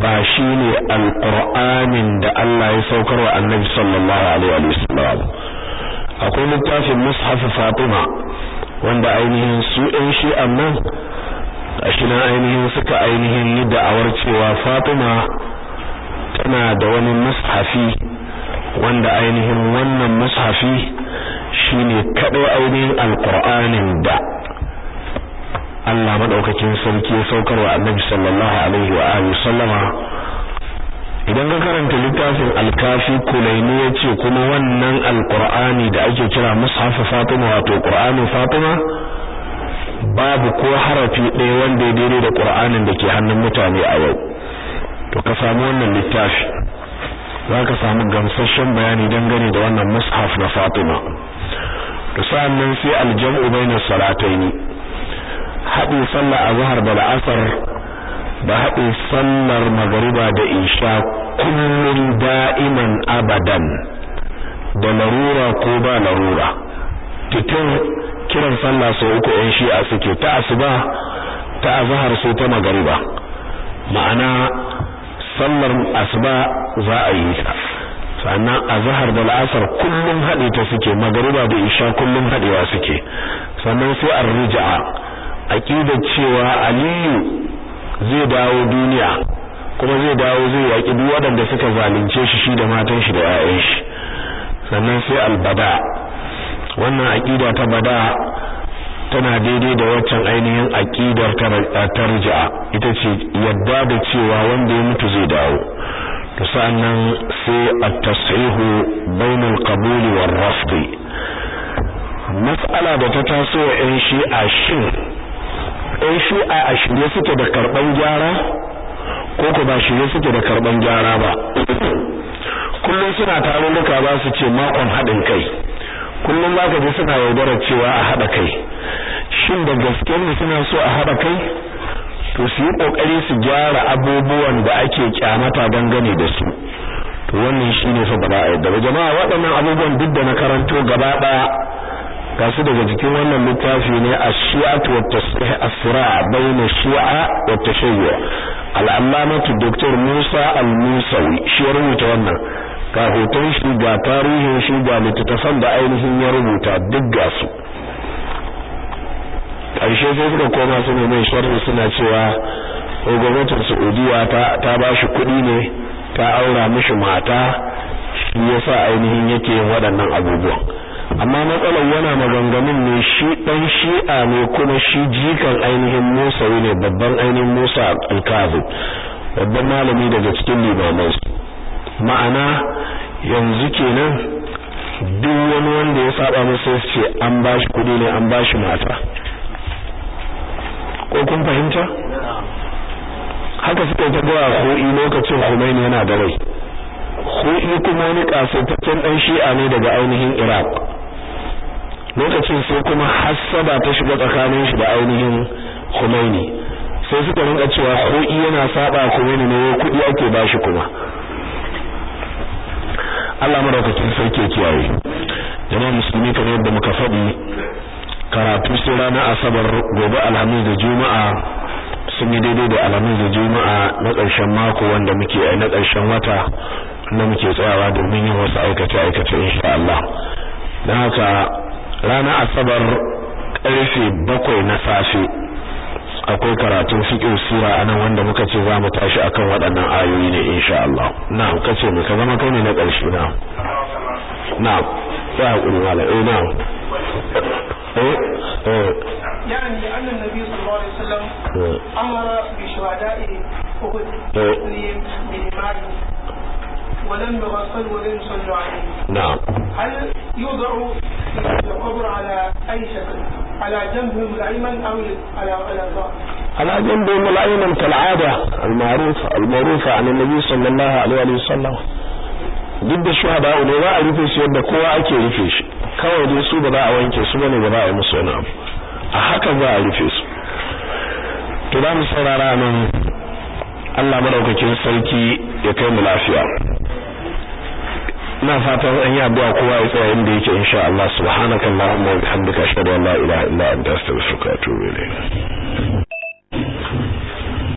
ba shi ne alƙur'anin da Allah ya saukar wa annabi sallallahu alaihi wa sallam akwai littafin mushaf fatima wanda ainihin su 'yan shi'an nan ashina ainihin suka ainihin yi da'awar cewa Fatima tana da wani mushafi wanda ainihin wannan mushafi shine kaɗai ainihin alqur'anin da Allah madaukakin sarki ya wa Annabi sallallahu alaihi wa alihi sallama idan ka karanta littafin alkafi kulaini yace kuma wannan alqur'ani da ake kira mashafi Fatima wato qur'anin Fatima babu ko harafi ɗaya wanda ya daidai da Qur'anin da ke hannun mutane a yau to ka samu wannan littafi za ka samu gamsasshen bayani dangane da wannan mushaf na Fatima to sannan sai aljam'u bainas salataini haɗe sallar azhar da la'asar da haɗe sallar magariba da isha kullum da'iman abadan da larura ko ba larura titin kiran sallah sau uku yan shi'a suke ta asuba ta azhar sai ta magariba ma'ana sallar asuba za a yi ta sannan azhar da la'asar kullum haɗe ta suke magariba da isha kullum haɗewa suke sannan sai ar-rij'a aqida cewa aliyu zai dawo duniya kuma zai dawo zai yaki duk waɗanda suka zalunce shi shi da matan shi da 'ya'yan shi sannan sai albada wannan aqida ta bada tana daidai da waccan ainihin aqidar tarji'a ita ce yadda da cewa wanda ya mutu zai dawo to sannan sai at-tashihu bayna al-qabul war-rafd mas'ala da ta taso wa ƴan shi'a a shirye suke da karban gyara ko ko ba shirye suke da karban gyara ba kullum suna tarurruka ba su ce makon haɗin kai kullum za ka ji suna yaudara cewa a haɗa kai shin da gaske ne suna so a haɗa kai to su yi ƙoƙari su gyara abubuwan da ake kyamata dangane da su to wannan shi ne fa a yadda ba jama'a waɗannan abubuwan duk da na karanto gaba ɗaya ga su daga jikin wannan littafi ne a shi'at wa asra bayna shi'a wa tashayyu al-allamatu dr Musa al-Musawi shi ya rubuta wannan ga hoton shi ga tarihin shi ga littattafan da ainihin ya rubuta duk ga su ƙarshe sai suka koma su ne mai sharri suna cewa gwamnatin saudiya ta ba shi kuɗi ne ta aura mishi mata shi yasa ainihin yake yin waɗannan abubuwan amma matsalar yana maganganun ne shi ɗan shi'a ne kuma shi jikan ainihin musa ne babban ainihin musa alkazin babban malami daga cikin limamansu ma'ana yanzu kenan duk wani wanda ya saba musu sai ce an bashi kudi ne an bashi mata ko kun fahimta haka suka ta gowa ho'i lokacin Khomeini yana da rai ho'i kuma wani kasaitaccen dan shi'a ne daga ainihin Iraq lokacin sai kuma hassada ta shiga tsakanin shi da ainihin Khomeini sai suka rinka cewa ho'i yana saba Khomeini ne kudi ake bashi kuma Allah madaukakin sai ke kiyaye jama'a musulmi kamar yadda muka faɗi karatu sai ranar asabar gobe alhamis da juma'a sun yi daidai da alhamis da juma'a na ƙarshen mako wanda muke eh, na ƙarshen wata na muke tsayawa domin yin wasu aikace aikace insha Allah dan haka ranar asabar karfe bakwai na safe akwai karatun fiqh sura nan wanda muka ce za mu tashi akan waɗannan ayoyi ne insha Allah na'am kace ne ka zama kai ne na ƙarshe na'am na'am sai hakuri wala eh na'am eh eh يعني أن النبي صلى الله عليه وسلم أمر بشهداء أحد لمال ولم يغسل ولم يصلى عليه نعم هل يوضع القبر على أي شكل على جنبهم الأيمن أو على على على جنبهم الأيمن كالعادة المعروفة المعروفة عن النبي صلى الله عليه وسلم duk da shuhada ne za a rufe su yadda kowa ake rufe shi kawai dai su ba za a wanke su bane ba za a musu wani abu a haka za a rufe su to za mu saurara nan Allah madaukakin sarki ya kai mu lafiya ina fatan an yi addu'a kowa ya tsaya inda yake insha Allah subhanakallahumma wa bihamdika ashhadu an la ilaha illa anta astaghfiruka wa atubu ilayk